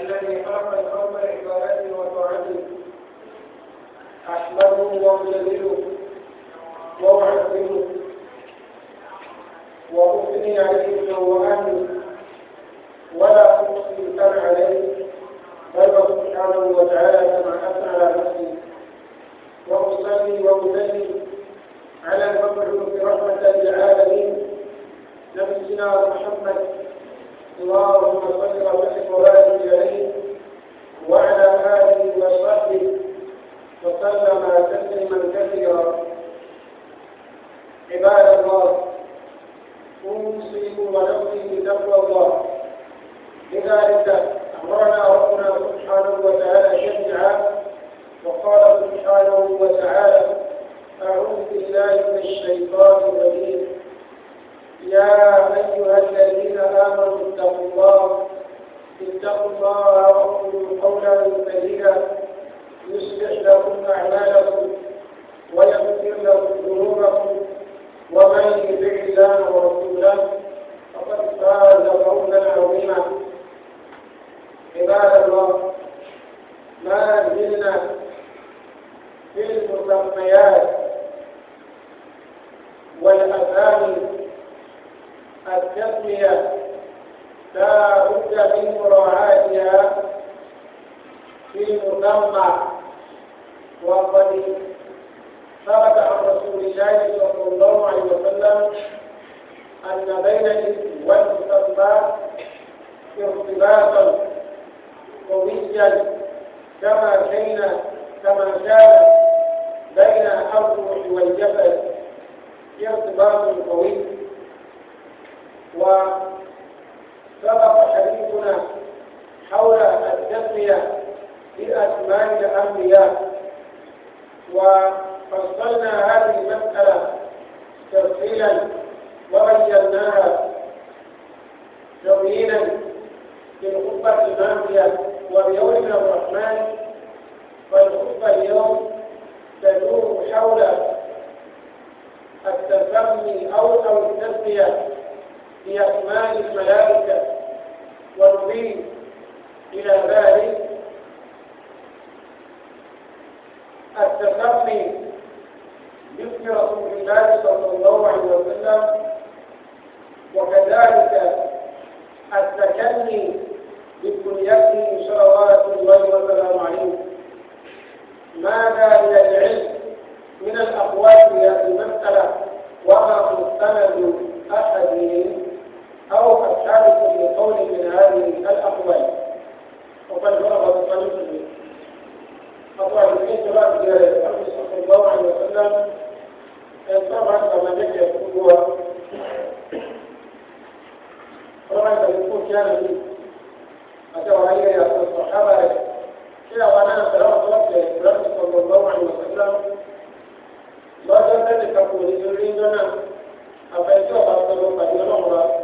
الذي خلق القوم عبادته وطاعته احمده وامتثله واعظمه واثني عليه سواته ولا احصي ثنى عليه بل سبحانه وتعالى كما اثنى على نفسي واصلي واسلم على المبعوث رحمه للعالمين نفسنا محمد اللهم صل وعلى اله وصحبه وسلم تسليما كثيرا عباد الله الله لذلك امرنا ربنا سبحانه وتعالى وقال سبحانه وتعالى اعوذ بالله من الشيطان الرجيم يا أيها الذين آمنوا اتقوا الله اتقوا الله وقولوا قولا سديدا يصلح لكم أعمالكم ويغفر لكم ذنوبكم ومن يطع الله ورسوله فقد فاز قولا عظيما عباد الله ما زلنا في المسميات والأسامي التسمية لا بد من مراعاتها في المسمى وقد ثبت عن رسول الله صلى الله عليه وسلم أن بين الاسم والمسمى ارتباطا قويا كما كان كما كان بين الأرض والجبل ارتباط قوي وسبق حديثنا حول التسمية بأسماء الأنبياء وفصلنا هذه المسألة تفصيلا وبيناها تبيينا في الخطبة الماضية وبيوم الرحمن والخطبة اليوم تدور حول التسمي أو التسمية بأكمال الملائكة ونضيف إلى ذلك التسمي باسم رسول الله صلى الله عليه وسلم وكذلك التكني بكليته صلوات الله وسلامه عليه ماذا من العلم من الأقوال في هذه المسألة وما مستند أحد أو قد شارك بقول من هذه الأقوال وقد بلغ بطريقه فقال في بعد النبي صلى الله عليه وسلم طبعا كما ذكر هو طبعا يكون كان لي أتوا علي يا الصحابة كلا وأنا تلوت وقت النبي صلى الله عليه وسلم lọ́jọ́ tẹ́lẹ̀ kan kò ní lórí lọ́nà àfẹ́jọ́ àtọ́lọ́pàá ní ọlọ́run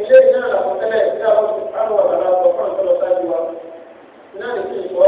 ilé iná làwọn tẹ́lẹ̀ ìdí àwọn ìpamọ́ ọ̀dà náà sọ fún ọ̀sán lọ́sàájú wa iná nìkí ìfọ́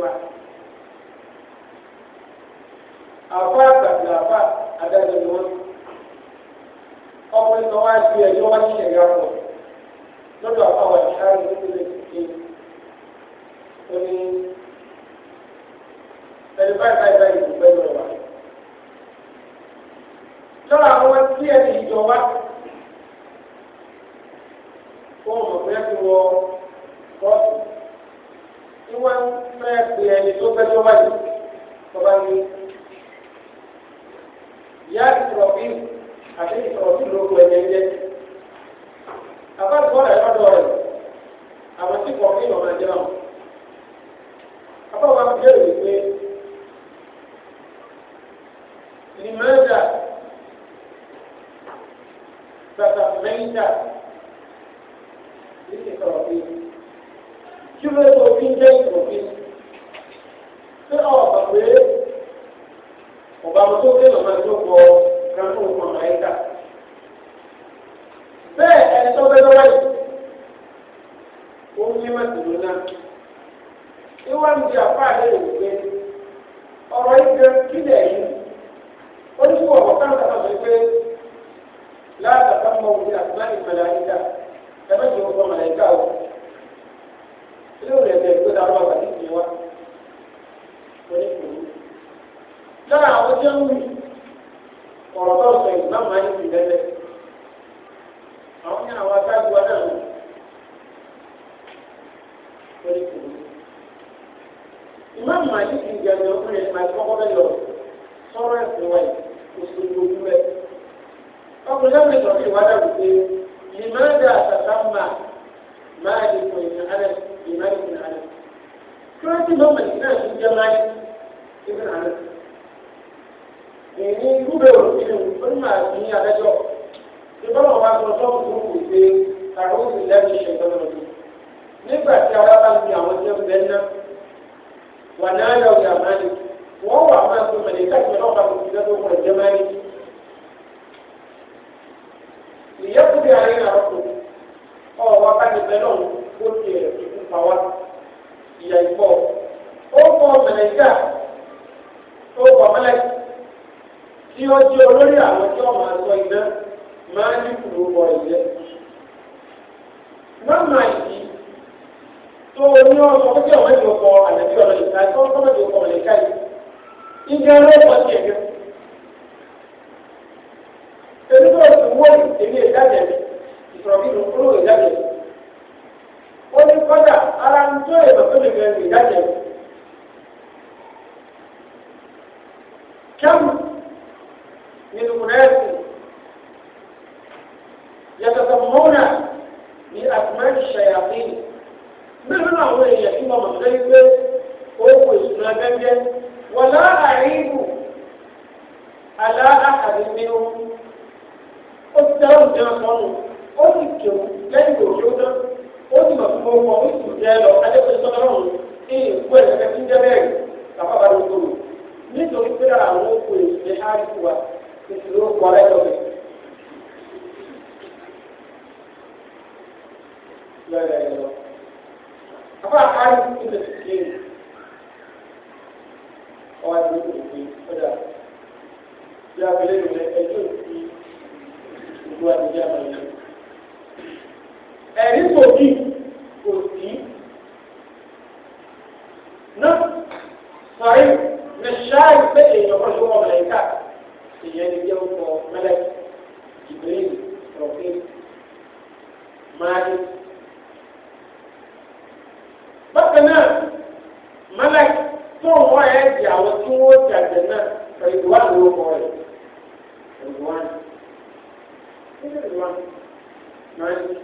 ọ̀la. àfa àgbàdo àfa adájọ́ ni wọ́n ọkùnrin kan wá sí ya wá sí ẹ̀yà pọ̀ lọ́dọ̀ àfa wà ní ji tó lè ṣe ó ẹni báyìí báyìí báyìí kò gbẹ́dọ̀ wá. lọ́wọ́ àwọn ìjọba fẹ́ tó báyìí tó bá ní yá ìtọ̀rọ̀ bí àti ìtọ̀rọ̀ Malik ibn Anas èyí gbúdọ̀ nínú onímọ̀ àti adájọ́ ìbọn ọba sọ sọ́ọ̀bù tó kù pé àwọn òbí lẹ́nu ìṣẹ̀dọ́ lọ sí nígbà tí ara bá ń fi àwọn tí ń bẹ ná wà náà yọ ìyá Malik wọ́n wà máa tó mẹ̀lẹ́ káàkiri náà bá kò sí lọ́dún wọn jẹ́ Malik ìyẹ́kùnrin àárín àwọn kò ọ̀wọ́ ká ní náà ó tiẹ̀ ìfúnpá wa ìyá ìfọ́ ó kọ mẹlẹkà ó kọ tí ó jẹ olórí àwọn tí ó máa iná máa ní kúrò bọ ìjẹ mọ́mọ́ yìí tó ní ọkọ̀ tó jẹ́ ọ̀rẹ́ ìjọkọ̀ àlẹ́bí ọ̀rẹ́ ìta tó ń kọ́mọ̀ ìjọkọ̀ mẹlẹkà yìí ìjẹ́ ọlọ́pàá ti ẹ̀gẹ́ pẹ̀lú ti ìsọ̀rọ̀bínú kúrò ìdájẹ́ ó ní kọ́dà ara ń tó tó lè ìdájẹ́ كم ṣáàyè pé èèyàn kan ló wọ mẹlẹka èèyàn lè jẹ ọkọ mẹlẹ ìbéèrè rọpé máàlì. bákan náà mẹlẹ tó ń wọ ẹ di àwọn tí wọn ti àjẹ náà pẹ̀lú wà ló kọ rẹ pẹ̀lú wà ní. pẹ̀lú wà ní máàlì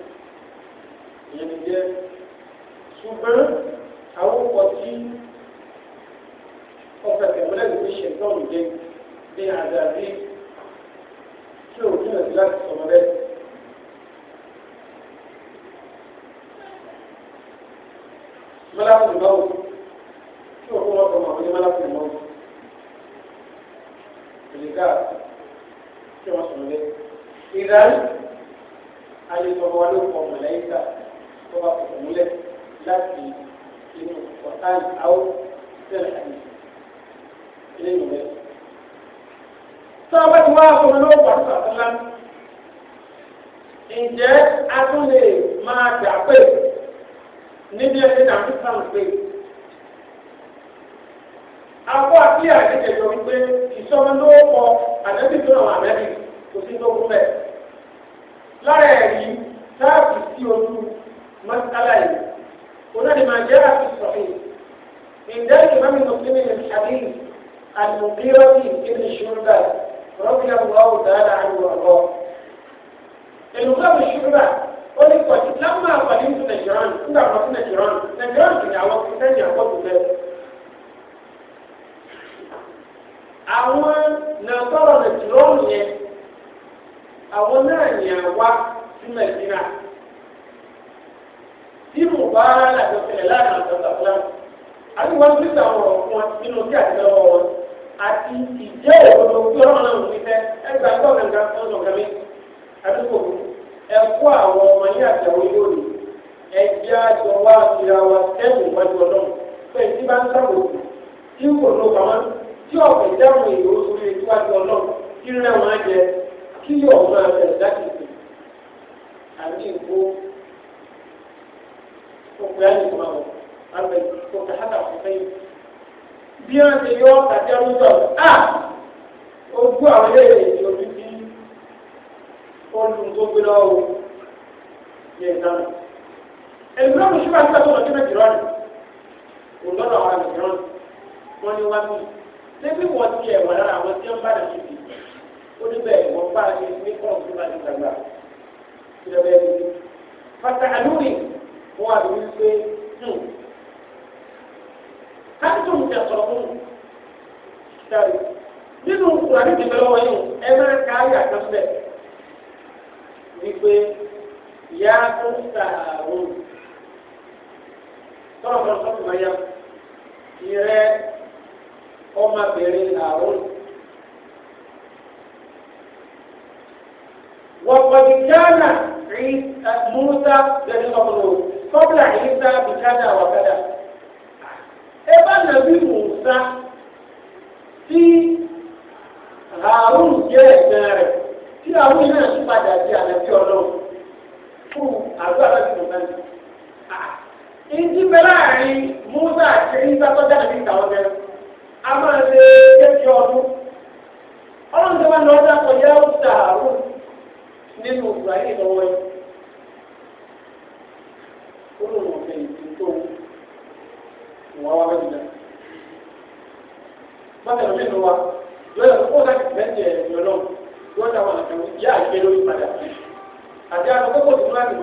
ìyẹn lè ọ̀fẹ́ tẹ̀mọ́lẹ́ ní ṣe tọ́ọ̀nù dé ní àdàbí tí ò ní ọ̀dí láti sọmọ lẹ́ mọ́láfíì náà tí ò fún ọkọ̀ màmú ní mọ́láfíì náà ìlíkà tí wọ́n sọmọ lẹ́ ìdárí alẹ́sọ̀rọ̀ wa ló tó bá kọ̀ múlẹ̀ láti inú ọ̀tá ìdáwó tẹ̀lé àyè ilé ìwé. Tí wọ́n bá ti wá àwọn olówó àtúntàtúntà, ǹjẹ́ a tún lè máa dà pé níbi ẹni dàbí sáà pé akọ àti àdéjẹjọ wípé ìsọmọlówó àdébí tó náà àdébí kò sí tó kún bẹ́ẹ̀. Lára ẹ̀rí táàbì sí ojú mọ́sálà yìí, onáni máa jẹ́ àti sọ̀rọ̀ ǹjẹ́ ìmọ̀ mi sí ní ìṣàlẹ̀ yìí. المغيرة بن شعبة رضي الله تعالى عنه وارضاه المغيرة بن شعبة wọ́n ní pọ̀ lọ́mọ àpàdé ní nàìjíríàn nígbà wọn sí nàìjíríàn nàìjíríàn kì ní àwọn kìtẹ́ẹ̀nì àpọ̀jù na àwọn náà yẹn sí nàìjíríà tí mo bá àti ti sàwọn wọn. àti ìjẹ́ ìrònú bí ọ̀rọ̀ náà ní fẹ́ ẹgbà tó kàǹkà ọ̀nà kàmí àdúgbò ẹ̀kọ́ àwọn ọmọ yìí àti àwọn yóò rí ẹ̀jẹ̀ àjọ wa àfihàn wa ẹ̀mí wájú ọlọ́run pé tí bá ń sábò kù tí kò ló pamọ́ tí ọ̀pẹ̀ dáhùn èrò oṣù rẹ̀ tí wájú ọlọ́run kí rẹ̀ wọ́n á jẹ kí yóò máa bẹ̀rẹ̀ bí wọ́n ti yọ àjẹrú sọ à ogún àwọn ilé ìrìn òbí bí olùkó gbé lọ́wọ́ ní ìdáná. ẹ̀rù náà mo ṣe máa ń tẹ́tọ́ lọ́jọ́ méjì rọ́ọ̀nù òǹdọ́nà àwọn àgbẹ̀ rọ́ọ̀nù wọ́n ní wá bí débi wọ́n ti ẹ̀wà lára àwọn tí wọ́n bá rẹ̀ síbi ó ní bẹ́ẹ̀ wọ́n bá rẹ̀ ní kọ́ọ̀ tó bá ti dàgbà ìrẹ̀lẹ̀ yìí. pàtàkì àlùmí wọn àdúgbò pé hmm, antum tẹ̀sọ̀rọ̀mù sẹ́rí nínú kùránì tìbẹ̀ lọ́wọ́ yìí ẹ máa ká ayé àkọsílẹ̀ wípé ìyá tó ń sàárò tọ́lọ̀ bọ́lá sọ́kù máa yá ìrẹ́ ọmọbìnrin àrùn. وقد كان عيسى موسى ebe a na-ebi Musa tí Harun jẹ́ rẹ̀ tí Harun náà ti padà di àlẹ́bí ọlọ́run fún àgọ́ àlẹ́bí Musa ní. Ìdí bẹ láàrin Musa àti Isa tó dára ní ìtàwọn jẹ́ Harun wọ́n mi ló wa yóò yẹ kó láti bẹ́ẹ̀ jẹ ìyọlọ́run yóò dá wọn àtàwọn ìyá àgbẹ̀ lórí padà. Àti àwọn kókó tó láti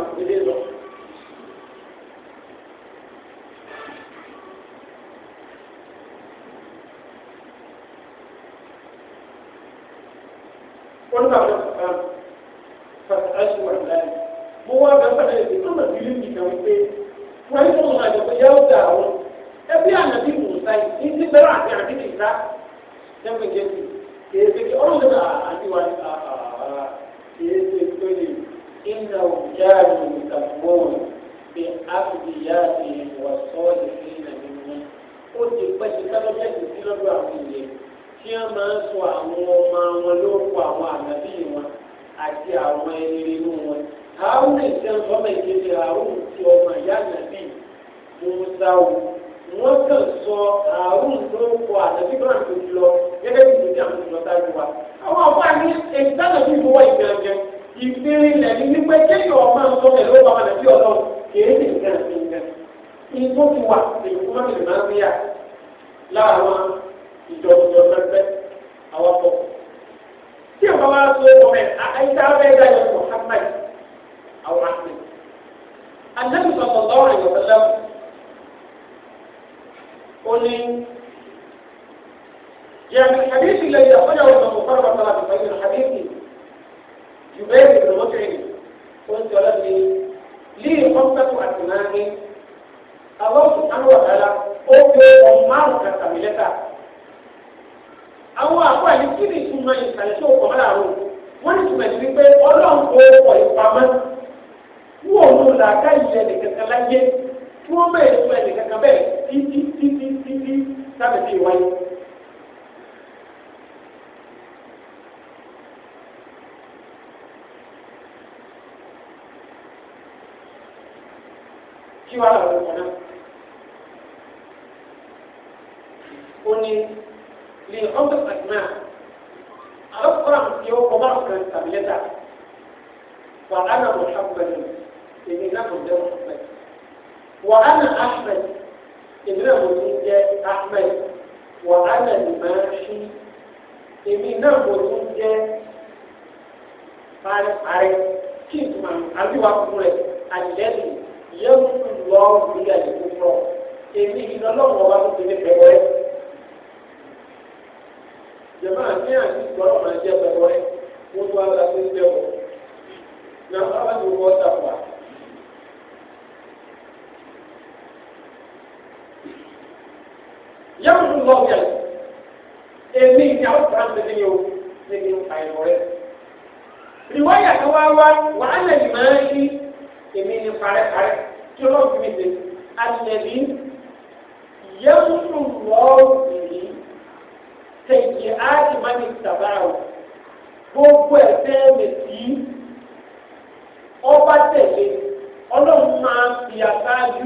cewa a wannan oni li khawf asma afram yo ko ba ko tableta wa ana muhammad ini na ko da muhammad wa ana ahmad ini na ko da ahmad wa ana limashi ini na ko da pare pare ki ma abi wa ko le alladhi yamsu lọ́wọ́ nígbà yìí tó pọ̀ èmi iná lọ́wọ́ wa tó ti ní pẹ̀lú ẹ. jẹ̀mọ́ àti àti ìgbọ́rọ̀ máa jẹ́ pẹ̀lú ẹ wọ́n tó ara tó ń jẹ́ wọ̀ náà wọ́n bá ti wọ́ dàpọ̀. yàrá ń lọ yàrá èmi ni àwọn kan ti ní o ní ní àìmọ̀ rẹ̀. ìwáyà kan wá wá wàhálà ìmọ̀ ẹ́ sí èmi ni parẹ́parẹ́ tí ọlọ́run fi mi ṣe alẹ́bí yẹ́nù lọ́ọ̀sì yìí tẹ̀yẹ áàdì má ní ìtàbáwò gbogbo ẹ̀fẹ́ mẹ̀sí ọba tẹ̀lé ọlọ́run máa fi àṣáájú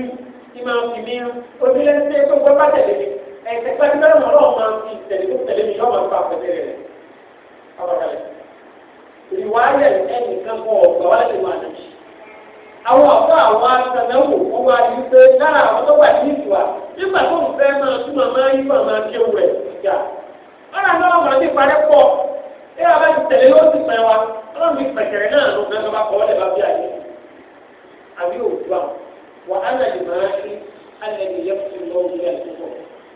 yìí máa fi mí ojúlé ń ṣe gbogbo ọba tẹ̀lé mi ẹ̀sẹ̀ pẹ́ẹ́tì mẹ́rin ọlọ́run máa fi tẹ̀lé tó tẹ̀lé mi yọ́ máa fa àpẹẹrẹ rẹ̀ ọba kalẹ̀ ìwà ayẹ̀ ẹnìkan kọ̀ ọ̀gbà wà náà àwọn ọ̀pọ̀ àwọn aṣàlẹ́wò wọn wá ní pé lára àwọn tó wà ní ìwà nígbà tó ń fẹ́ máa túmọ̀ máa yí mọ̀ máa kéwù rẹ̀ gà. ọ̀rọ̀ àwọn ọmọ ti parẹ́ pọ̀ ẹ bá ti tẹ̀lé ló ti pẹ́ wa ọlọ́run ti pẹ̀kẹ̀rẹ̀ náà ló fẹ́ bá kọ́ ọ́lẹ̀ bá bí àyè. àbí òdua wà á nà lè máa ṣí alẹ́ lè yẹ fún mi lọ́wọ́ ilé àtúntò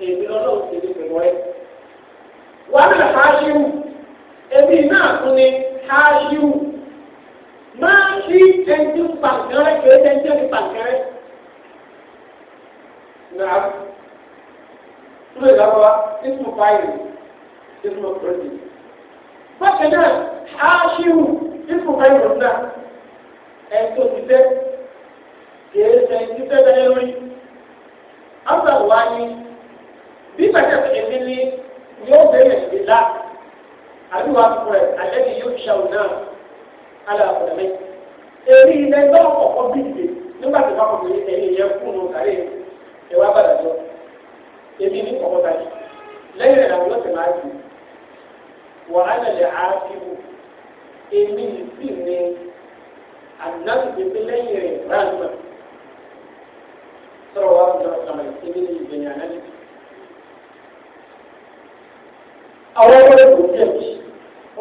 èmi ọlọ́run ti ní pẹ̀lú ẹ. wà نعم سورة الهوى اسم فاعل اسم مفرد فكذا حاشر اسم فاعل هنا ẹ̀tọ́ ti tẹ́ kìí ṣe ti tẹ́ tẹ́lẹ̀ lórí. Ọ̀sán wa ni bí pẹ̀tẹ́ èmi ni yóò bẹ̀rẹ̀ ìlà àdúrà fún ẹ̀ alẹ́ ni yóò ṣàwọn náà alàkùnrin. Èmi ilẹ̀ gbọ́ ọ̀pọ̀ bí ìdè nígbà tí wọ́n kọ̀ pé ẹ̀yìn yẹn kùnú kàrí ẹwà bàdàjọ èmi ní ọmọ tàbí lẹ́yìn ẹ̀rọ àwọn ọ̀sẹ̀ máa jù wọ́n á lẹ̀ ààfihù èmi sì ní àdúrà pépé lẹ́yìn rẹ̀ ráàmà sọ̀rọ̀ wa ọ̀dọ̀ ọ̀sàmà èmi ní ìgbẹ̀yìn àná níbi. àwọn ọmọ rẹ̀ kò tẹ̀ mí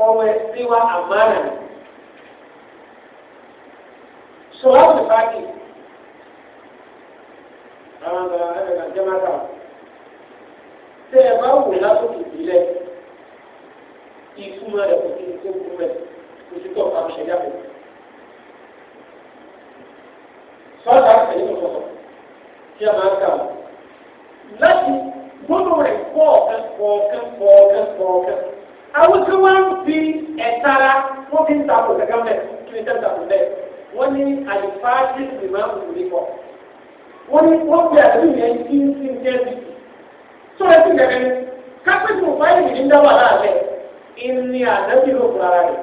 ọmọ ẹ̀ sí wa àmàrà ni. sọ̀rọ̀ àwọn ìfàkì àwọn àgbà ẹ̀ka jẹ́mátà tẹ́ ẹ bá wò lásòkè ìbílẹ̀ ìfúnmọ́ rẹ̀ kò sí ní tó kú mẹ́ kò sí tó kà ṣẹ̀dá kù. sọ́ọ̀tà àtẹ̀yìn ọ̀sọ̀tọ̀ tí a máa ń kà láti gbọ́dọ̀ rẹ̀ kọ̀ọ̀kan kọ̀ọ̀kan kọ̀ọ̀kan kọ̀ọ̀kan àwọn tí wọ́n ń fi ẹ̀tara wọ́n fi ń ta àpò gẹ́gẹ́ mẹ́ kí ni tẹ́ ń ta ní àlùfáà sí ìgbìmọ̀ àpò ìgbìmọ̀ wọ́n ní wọ́n gbé àdúgbò yẹn kí n sí jẹ́ bí. tó o ti bẹ̀rẹ̀ ni kápẹ́tì òfáìlì ní dáwà láàbẹ̀ ìní àdábì ló fún ara rẹ̀.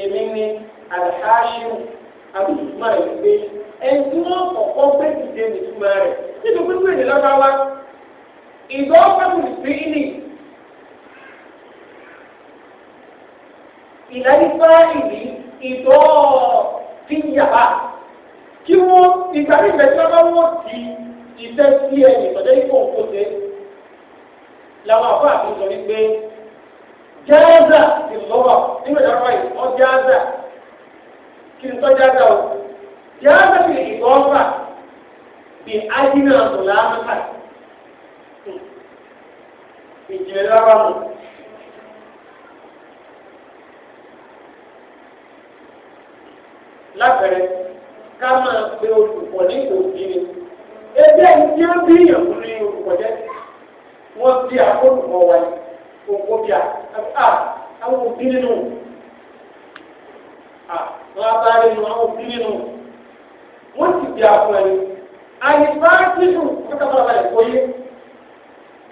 èmi ni alhashiru àbí ìtumọ̀ rẹ̀ ẹni wọ́n kọ̀kọ́ gbé dìde nìtumọ̀ rẹ̀ nítorí pé wíwèé lọ́gbàwá ìgbọ́ fẹ́mi sí ìlì ìdájí fáìlì ìgbọ́ ìgbà ní ìgbà tí wọ́n bá wọ́n ti iṣẹ́ sí ẹ̀yìn ìtọ́jẹ́ ikú òǹkóṣe làwọn àbá àtúntò ní pé jáàzà ti lọ́wọ́ nínú ìjọba yìí wọ́n jáàzà kí n tọ́ jáàzà o jáàzà ti ìgbọ́fà bí ájínà ọ̀la ámàkà ìjìnlẹ̀ lára mu. lápẹẹrẹ ká máa pe olùkọ́ ní òbí ni ẹgbẹ́ ìdí ó bí èèyàn fún ní olùkọ́ jẹ́ wọ́n bí akólùkọ́ wa ní òkú bí a àwọn òbí nínú àwọn abáyé nínú àwọn òbí nínú wọ́n ti bí akọ́ ẹni àyè bá nínú pátápátá balẹ̀ kóyé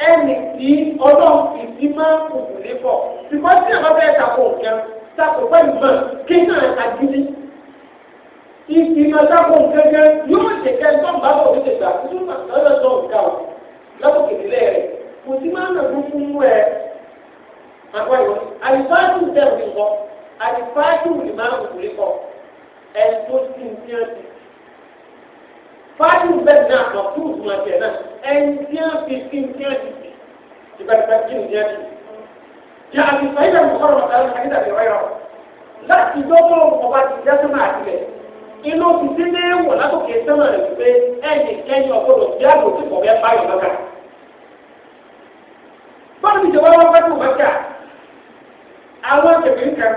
ẹnì tí ọlọ́run fi sí máa ń kùkù lé pọ̀ ṣùgbọ́n tí àwọn abẹ́rẹ́ kò kẹ́ ta ìmọ̀ kí náà ta gidi ìmọ̀tàkùn gẹ́gẹ́ yóò ṣe kẹ́ tọ́gbà bọ̀ ní ìgbà tí yóò máa lọ́dọ̀ tó ń ga ọ̀ lọ́pọ̀ kìdílé rẹ̀ kò sí máa ń nà fún fún ẹ̀ àgbà ìwọ àlùfáàdù dẹ̀rù ní kọ́ àlùfáàdù ní máa ń kúrè kọ́ ẹ̀ tó ti ń tiẹ́ ti fáàdù bẹ́ẹ̀ náà lọ fún ìtumọ̀ tiẹ̀ náà ẹ̀ ń tiẹ́ fi fi ń tiẹ́ ti ti ìbẹ̀rẹ̀ kí ń tiẹ́ ti. yà inú ti ti lé wọ̀ látòkè sẹ́nà rẹ̀ pé ẹ̀yìn kẹ́yìn ọ̀gbọ́dọ̀ bí àgbò tí kò bẹ́ẹ̀ báyọ̀ lọ́kà. bọ́ọ̀lù ìjọba wọn fẹ́ẹ́ tó wájà àwọn kẹ̀kẹ́ kan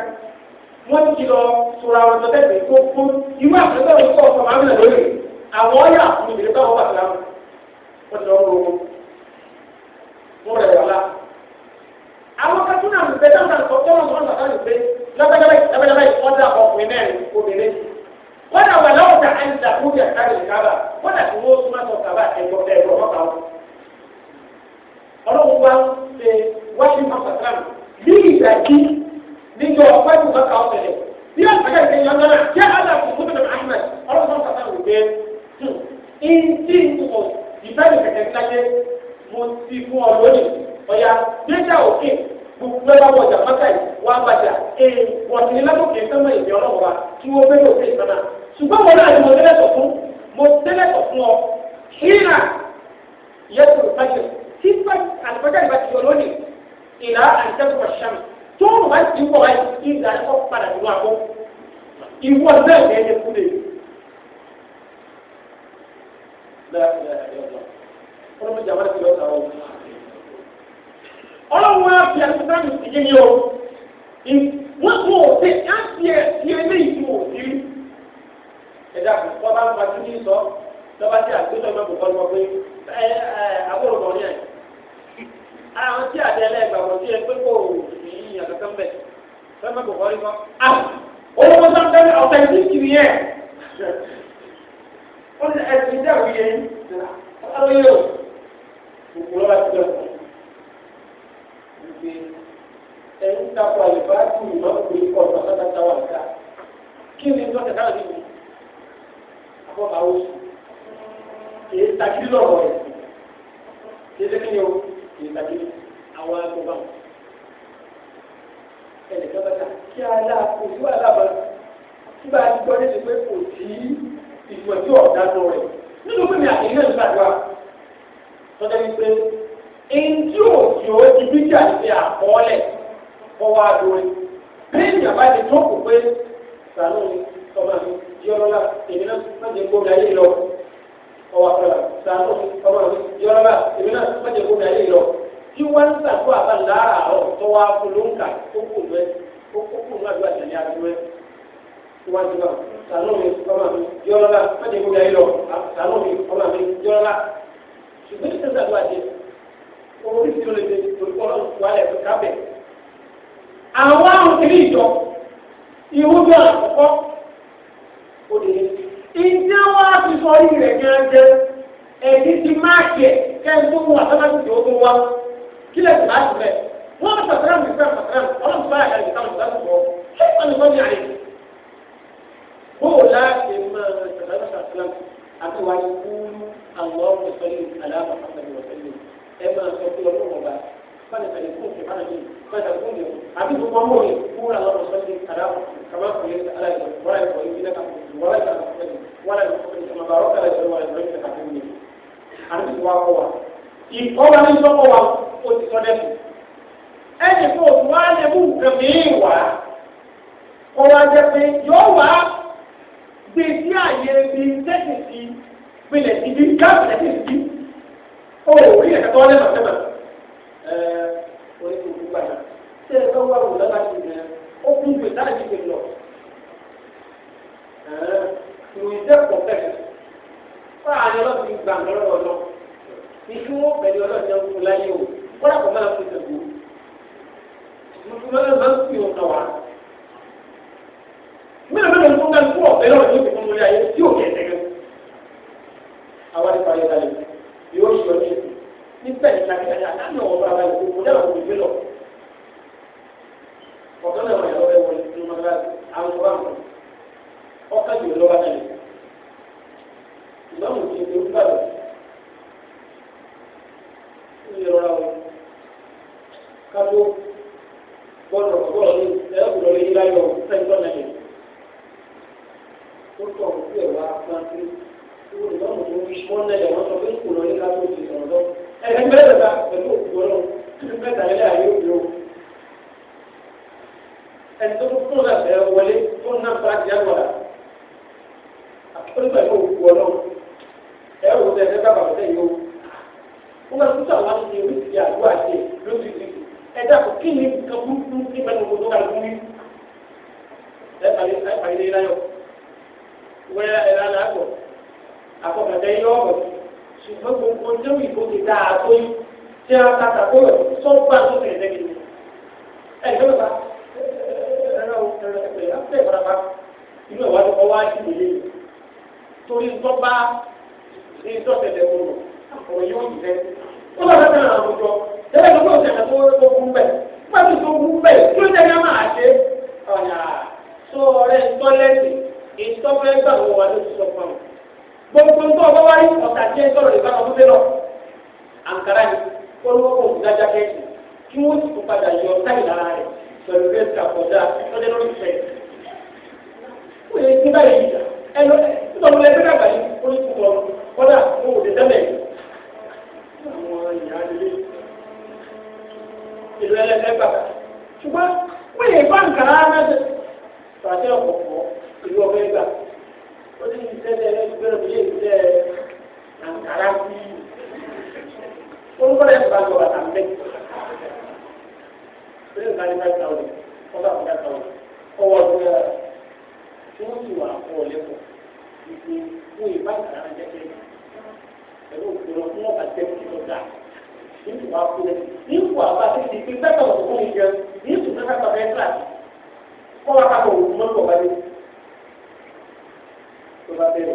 wọ́n ti lọ sọ̀rọ̀ àwọn ọ̀dọ́ tẹ̀sí tó fún irú àpẹẹrẹ òun kọ̀ ọ̀sán máa ń lẹ̀ lórí àwọn ọ̀yà fún ìbílẹ̀ táwọn bàtà láwọn wọ́n ti lọ rọ wọn wọ́n rẹ̀ wọ́lá. àwọn kẹtùnà ń bẹ táwọn àtọ̀ tọ́wọ́n sọ̀rọ̀ sọ̀rọ̀ ń pé ń ta kó yẹ káàdì kábà wọ́n dàbí wọ́n súnmọ́ sọ kábà ẹ̀gbọ́n ẹ̀gbọ́n mọ́ta wọn. ọlọ́run wá ń ṣe wáṣí mọ́sàkánù ní ìdájí níjọ pẹ́ẹ́tù mọ́ta wọn tẹ̀lé bí àgbàdo ìṣe yan náà jẹ́ aláàbò gómìnà ahmed ọlọ́run mọ́sàkánù rò pé ìdí hmm, ìtumọ̀ ìbẹ́ẹ̀lì kẹ̀kẹ́ ńláyé mo ti fún ọ lónìí ọ̀yà gbẹ́jà òkè gbogbo ẹ̀ bá wọ ọjà mọ́tà yìí wọ́n á bàjá èè wọ̀tí ṣùgbọ́n wọn náà mo délẹ̀tọ̀ fún mo délẹ̀tọ̀ fún ọ ṣíra yẹtù ìfàjẹ tí àlùfáàjà ìbá ti lónìí ìlà àìsẹ́kọ̀ọ́ ṣàmì tó ń bá ti wọ̀ wáyé ìlà ẹ̀kọ́ padà nínú àbọ̀ ìwọ náà ní ẹni kú lè. ọlọ́run wa fi àtúntà mi sí yé o wọ́n kò tẹ̀ á tiẹ̀ tiẹ̀ lé ìlú òbí ẹ̀dá kò kọ́ bá ń pa títí sọ lọ́ba tí àgbélọ̀ náà kò kọ́ lọ pé ẹ ẹ àbúrò mọ̀ ní ẹ̀. àwọn tí àdé ẹlẹ́gbàgbọ́ tí ẹ pé kò yí yàtọ̀ kan bẹ̀ lọ́ba kò kọ́ rí kọ́. Ah, owó tó ń bẹ́ẹ̀ ọ̀tẹ̀ ní kiri yẹn. ó ní ẹ̀sìn dẹ́rù yẹn ọlọ́run yóò gbogbo lọ́ba ti dẹ̀ ẹ̀yìn takọ̀ àyè bá tún ìmọ̀ òkú ikọ̀ ọ̀sán táwọn ìta kí ni tó tẹ̀ táwọn ìlú bọ́ọ̀bà ó sùn kìí takiri lọ́rọ̀ rẹ̀ kìí ṣe kíni o kìí takiri àwọn agbóbá ẹnì kan bàtà kí ala kò sí wàhálà bá kí bá a ti gbọ́ nítorí pé kò sí ìgbọ̀n tí ọ̀dà lọ rẹ̀ nínú pé mi àtẹ̀yìn náà gbàdúrà tọ́jà wípé èyí tí ò tí ó ti bí jà ní àkọọ́lẹ̀ kọ́ wá lórí bí ìyàbá ti tó kò pé sàlóyún tọ́ba mi yọlọ́lá èmi náà má jẹ́ kó dayé lọ ọwọ́ àfẹ́lá sànú ọmọ mi yọlọ́lá èmi náà má jẹ́ kó dayé lọ tí wọ́n ń sàkó àbá lára àrọ̀ tó wá kó ló ń kà tó kù lọ ẹ tó kù lọ àdúrà tẹ̀lé àdúrà ẹ tí wọ́n ti bá sànú mi ọmọ mi yọlọ́lá má jẹ́ kó lọ sànú mi ọmọ mi yọlọ́lá ṣùgbọ́n ní sẹ́sà àdúrà jẹ owó ní sinú àkọ́kọ́ ó lè ní. ìjẹ́ wá ti sọ orí rẹ̀ gẹ́gẹ́ ẹ̀yí ti máa kẹ̀ kẹ́hìn tó wà sọ́nà tó tó wá kí lè tó láti bẹ̀. wọ́n bá sọ̀tẹ́rẹ́ mi sọ̀tẹ́rẹ́ sọ̀tẹ́rẹ́ ọlọ́run bá yàrá ìta òṣìṣẹ́ tó wọ́ kí wọ́n ní wọ́n yàrá bóò láti máa sọ̀tẹ́rẹ́ sọ̀tẹ́rẹ́ àti wáyé فلم يكون في حرج فتكون عبيد الله يقول الله صلى كلامه كما قلت على ولا يقول لك ولا يقول ولا يقول كما بارك على جل وعلا في حكمه عبيد الله هو ìkọ́ba ní sọ́kọ̀ wa ó ti sọ dẹ́kun ẹnì kó o wá lẹ́mú nǹkan mìíràn wá kọ́ wa jẹ́ pé yóò wá gbé sí àyè bíi sẹ́kìtì gbilẹ̀ síbi gáàsì sẹ́kìtì ó rí ẹ̀ka tó wọlé màtẹ́màtẹ́ orí kòkó gbà yìí ṣé ẹ tọ́wọ́ àwọn ọ̀dọ́ láti rẹ̀ ó kún jù láti fi lọ. ìròyìn jẹ́ pọ̀fẹ́tì fún àwọn ọlọ́sìn gbà lọ́rọ̀ ọ̀nà ìṣú wọn pẹ̀lú ọlọ́sìn ọkùnrin láyé o wọ́n làkọ̀ máa fi ṣègùn. mùsùlùmí máa ń fi ọ̀nà wá. mélòó mélòó ló ń gbà ọ̀bẹ náà ló ti fún mi láyé tí ò yẹ tẹ́gẹ́. àwa ti parí kalẹ̀ yóò ṣe ọdún níbẹ̀ ìlàkìlàkì àdáni ọ̀rọ̀ ara rẹ̀ kò dáhùn òbí lọ. ọ̀dọ́ náà wà yàrá ẹ̀wọ̀n ní ìlú mọ́tà àwọn ọba mọ̀ ọ̀ká jù lọ́wọ́ náà. ìbámu ti ń gbàgbọ́ bá kú lẹ̀ nípò àbáṣe ti fi pẹ́tọ̀ òkú mi jẹun nípò pẹ́tọ̀ tó fẹ́ kíláàsì kọ́ wa kápọ̀ òkú mọ́tò ọ̀bá dé tó bá bẹ̀rẹ̀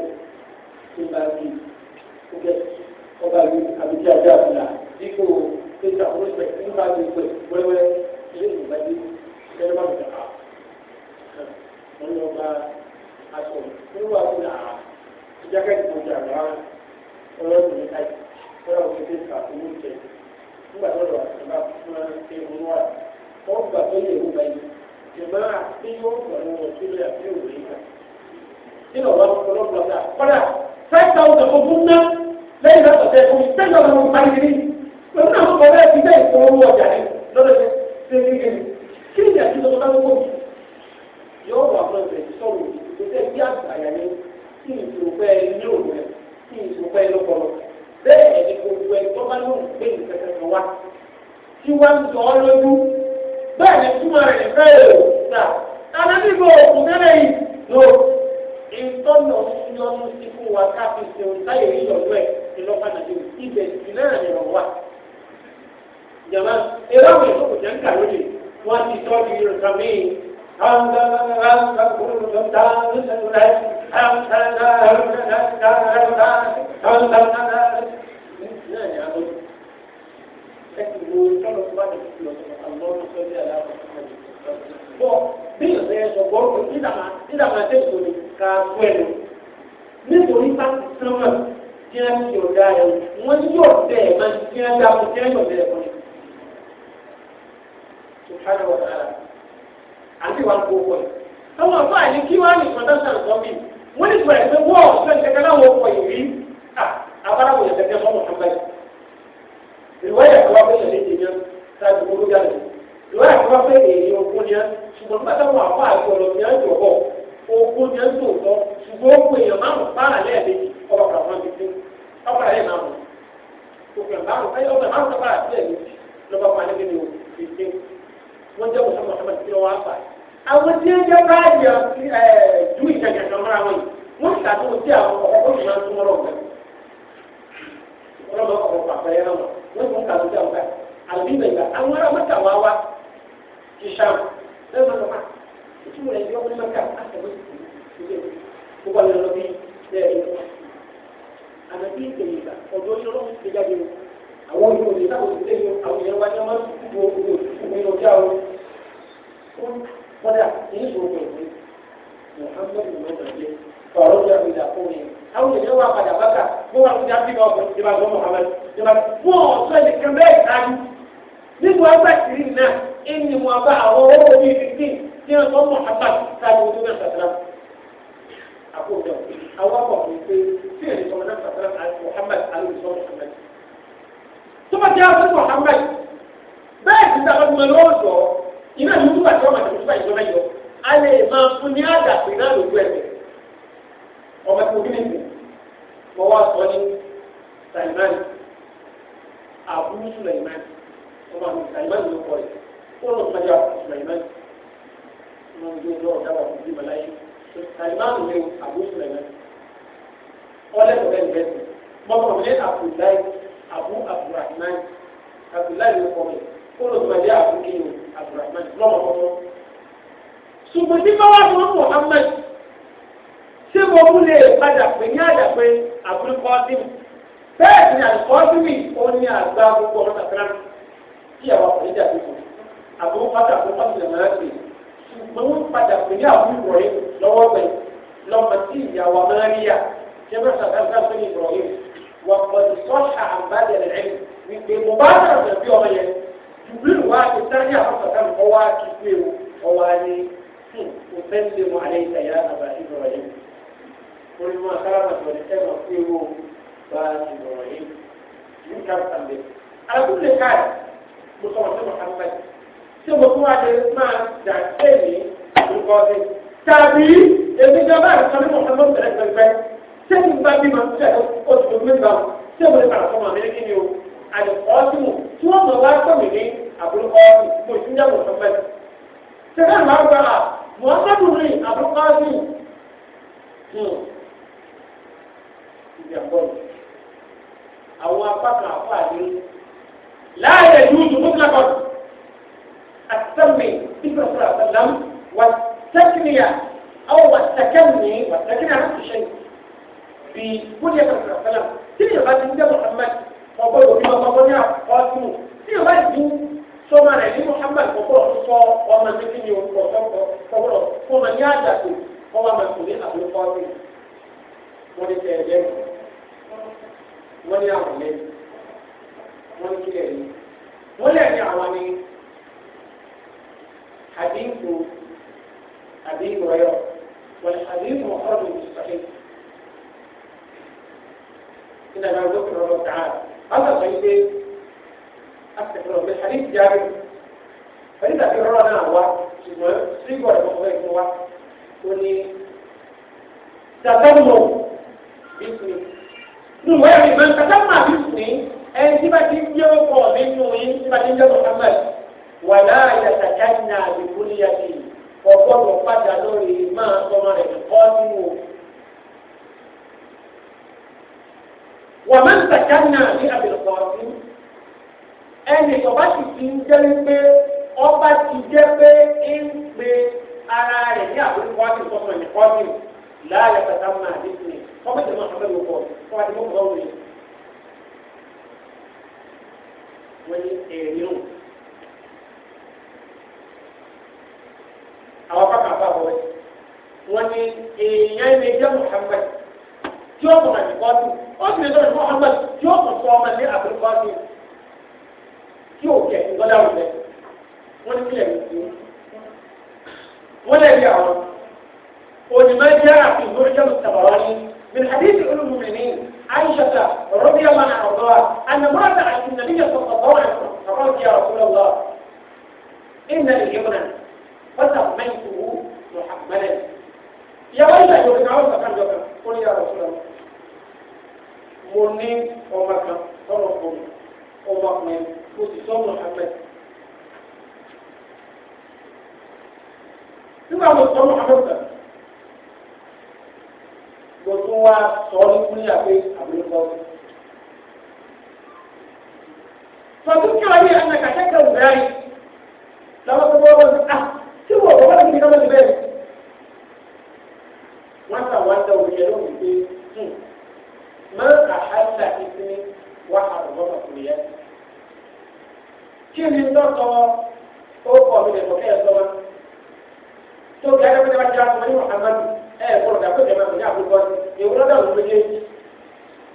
sàkírámù tí àwọn àpèjì àdúgbò àbúrò pátá àbúrò pátá ìlànà láti ṣùgbọ́n wọ́n padà pè ní àbúrò ìwọ̀rẹ́ lọ́wọ́ pẹ̀ lọ́mọ tí ìyàwó amáríyà jẹ́bẹ́ sàkírámù fún ìwọ̀rẹ́ wọ́n pọ̀ ní sọ́ọ̀ṣà àbálẹ̀ rẹ̀ wípé mo bá dàgbà bí ọmọ yẹn jùbìlì wá ti sáré àwọn sàkírámù ọwọ́ àkíkú ewu ọwọ́ àní òfẹ́ǹdé hmm, wọn àlẹ́ ìtàyà àbá ìbọ̀rọ̀ yìí orí wọn sábà sọ̀rọ̀ ẹ̀rọ pé owó bá ìbọ̀rọ̀ yìí ní kápẹ́ńdé àdúgbò káì mo sọ̀rọ̀ sí Muhammad tí mo tún wá lè máa dà sẹ́yìn àdúgbò ọdẹ tàbí èmi jọba àìsàn ní Muhammad bẹ̀rẹ̀ pẹ̀pẹ́ sẹ́yìn bá bí ma ń tẹ̀ ó ti gbogbo nígbà tí mo lè fara fún màmí ní kíni o àdìpọ̀ ọtí mu tí wọ́n mọ̀ wá pẹ̀mí ní àbúrúkọ ọtí mo ti ń jẹ́ Muhammad sẹ́yìn àwọn àgbà Muhammad rí àbúrúkọ ọtí hmm. àwọn apá kan àpá àdéhùn. لا يجوز مطلقا التسمي باسم صلى الله عليه وسلم والتكنية أو التكني والتكنية نفس الشيء بكل الرسول صلى الله عليه وسلم تلي غادي ندى محمد وقالوا بما مضيع قاسم تلي غادي sọ́mà rẹ̀ ní محمد kọ́kọ́ sọ وما títí ní orúkọ sọ́kọ kọ́kọ́ fọmọ هو àdàtò ọmọ àmàtò ní àbúkọ́ ọ̀gbìn wọ́n ní wọ́n kílẹ̀ ní. wọ́n lẹ̀ ní àwọn ní àdínkù àdínkù ọyọ ذكر الله تعالى هذا الحديث أستغفر الله الحديث جابر فإذا قرأنا هو سيقول المخبئ هو وني تتمم باسمي من نوعي من تتمم باسمي ẹni tí bá ti ń jẹ́ ọkọ̀ nínú yín tí bá ti ń jẹ́ Muhammad wà láàyè sàkánná àdìgúnyàtì ọgbọ́dọ̀ padà lórí máa tọmọ rẹ̀ kọ́ nínú. wà máa ń sàkánná ní àbẹ̀lẹ̀kọ̀ ọ̀sìn ọba ti fi ń jẹ́ wípé ọba ti jẹ́ pé ń pe ara rẹ̀ ní àbúrúkọ tọmọ rẹ̀ kọ́ nínú láàyè sàkánná àdìgúnyàtì ọba ti mọ̀ ọ̀sán والنوم àwọn kọ́kà bá wọlé wọn ni èèyàn lè jẹ́ Muhammad tí ó kọ̀ láti kọ́ sí ó sì lè lọ́rùn Muhammad tí ó kọ̀ sọ ọmọ ní àbúrúkọ sí tí ó kẹ̀ ń gbọ́dá wọlé wọn ni kílẹ̀ yìí tó wọn lè rí àwọn onímọ̀ jẹ́ àfihàn ìjọba ìtàbọ̀rọ̀ ni min hadith olùmùmí ni. عائشة رضي الله عنها وارضاها أن امرأة عن النبي صلى الله عليه وسلم فقالت يا رسول الله إن الجبن فسميته محمدا يا ويل يا عمر فقال لك قل يا رسول الله مرني ومك صرفهم ومك من خصوصا محمد ثم tó sọ محمد tó tún wá sọ ní kúnyà pé àbúrò kọ́. Sọ̀tún kí wọ́n yé ẹ̀ka kẹ́kẹ́ òun rẹ̀ lọ́wọ́ tó bọ́ wọn ah tí wọ́n bọ́ wọn kì í lọ́wọ́ níbẹ̀. Wọ́n sà wá dá òun yẹ lóhùn pé hmm, máa kà á là ìsinmi wá àrùbọ́ màkùnrin yẹn. Kí ni tọ́tọ́ ó kọ̀ mí lẹ́kọ̀ọ́ kẹ́ ẹ̀ sọ́wọ́? Tó kí á lọ́wọ́ tí wọ́n ní Mùhàmmadu ẹ kọlọ dàgbé dẹmẹ kò ní àkókò ìwúrọ náà ló péjé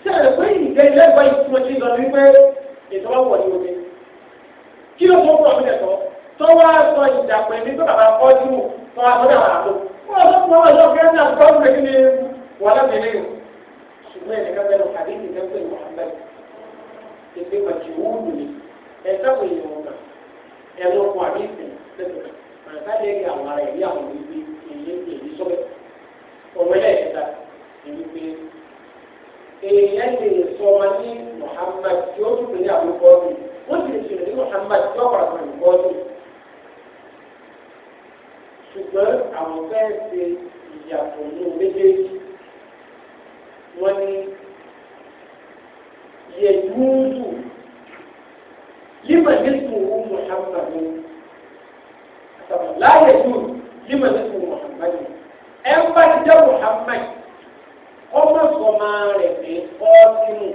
ṣé ẹ pé ìgbẹ́ ilé ẹgbẹ́ yìí fún ọtí lọ ní pé ìtọ́wọ́ wọ̀ ní omi kí ló fún ọmọ ìdẹ̀tọ́ tó wá sọ ìdàpọ̀ ẹni tó bàbá kọ́ jù tó wá sọ dàgbà àpò wọn lọ fún ọmọ ìjọ kẹrin náà tó ń gbé kí ni wọn lọ bẹ̀rẹ̀ yìí ṣùgbọ́n ẹ̀ka bẹ́ẹ̀ lọ kàdé ìdíkẹ́ pé Muhammad ètò ìpàdé wúlò ni ẹ̀ka kò yẹ wọn náà ẹ̀rọ ọkọ̀ àbí ìsìn lẹ́tọ̀ọ́ àtàlẹ́ àwọn ará ìyá àwọn ìlú ìlú sọ́bẹ̀ òwe lẹ́ẹ̀kẹta ìlú pé èèyàn lè sọ ọmọ ní Muhammad tí ó tún pè ní àbúkọ́ mi wọ́n sì lè sọ̀rọ̀ ní Muhammad tí ó pàrọ̀ pàrọ̀ àbúkọ́ mi ṣùgbọ́n àwọn fẹ́ ṣe ìyàtọ̀ ní méjèèjì wọ́n ní yẹ̀dúùdù lima nismuhu Muhammadu láyé dùn lima nismuhu Muhammadu ẹ ń bá ti jẹ́ Muhammad ọmọ ìfọ̀mà rẹ̀ ní ọ́ọ́sìmù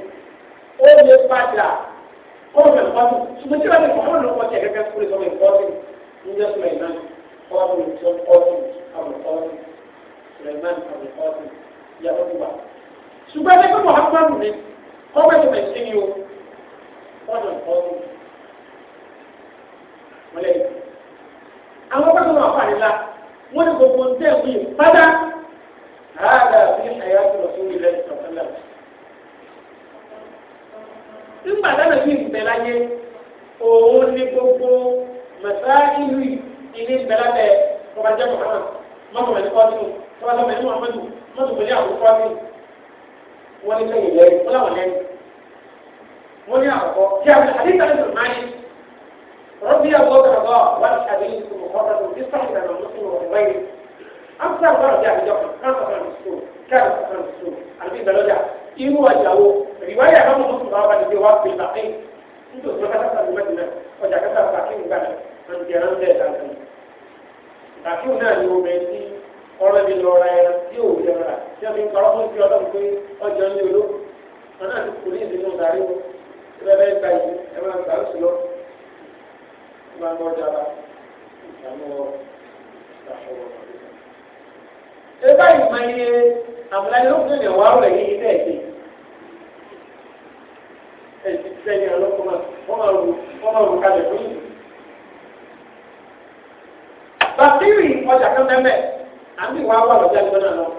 ó lè padà ọmọ ìfọ̀mù ṣùgbọ́n tí wọ́n ti fọ̀mọ́ ló kọjá gẹ́gẹ́ fún ìfọ̀mù ìfọ̀sìmù ní ilé Suleiman ọmọ ìfọ̀mù ọmọ ìfọ̀sìmù Suleiman ọmọ ìfọ̀sìmù ìyàwó ti wà. ṣùgbọ́n ẹni pé Muhammad ni ọmọ ìfọ̀mù ìṣe ni o ọmọ ìfọ̀sìmù wọlé àwọn ọmọ ìfọ̀mù àfàlélá wọ́n ní gbogbo ń tẹ̀ wí padà àádà bí àyà tó lọ sórí ilẹ̀ ìtọ́sílẹ̀. nígbà dáná bí ìbẹ̀lá yẹ òun ní gbogbo mẹ̀sá ìlú ilé ìbẹ̀lá bẹ̀ ọba jẹ́ mọ̀hánà mọ́tò mẹ́lí kọ́tù tọ́ba tọ́ba ẹni mọ̀hámẹ́dù mọ́tò mẹ́lí àwọn kọ́tù wọ́n ní sẹ́yìn lẹ́yìn wọ́n láwọn lẹ́yìn wọ́n ní àkọ́kọ́ رضي الله عنه والحديث مفرد في صحيح مسلم وغيره أمثال درجة بجحر كان مثلا مسلم كان مثلا مسلم على درجة إنه وجهه رواية هم مسلم هذا اللي جواب بالباقي أنتم سمعتها في المدينة وجاء كتاب باقي بعد أن جيران ذات عنه باقي هنا اليوم بيتي ọ̀rọ̀ mi lọ ra ẹran tí ò yẹ ra tí a fi ń parọ́ fún ti ọlọ́run pé ọjọ́ ní olóko wọn náà ti kú ní ìdílé ọ̀darí wọn ẹ bẹ́ẹ̀ bá ìlú ẹ máa gbà ó sí lọ́wọ́ máa ń lọ dára ìdáná ìdáṣọwọ́ ọ̀dọ́. ẹ báyìí máa ń yẹ àbúláyé ló fún ìyàwó àrò ẹ̀yìn ilé ẹ̀dẹ́. ẹ ti tẹ́ ẹni ọlọ́kọ́ máa wọ́n máa wò kalẹ̀ fún yìí. bàtírì ọjà kan mẹ́mẹ́ àmì ìwà wà lọ́jà ìgbọ́nà náà.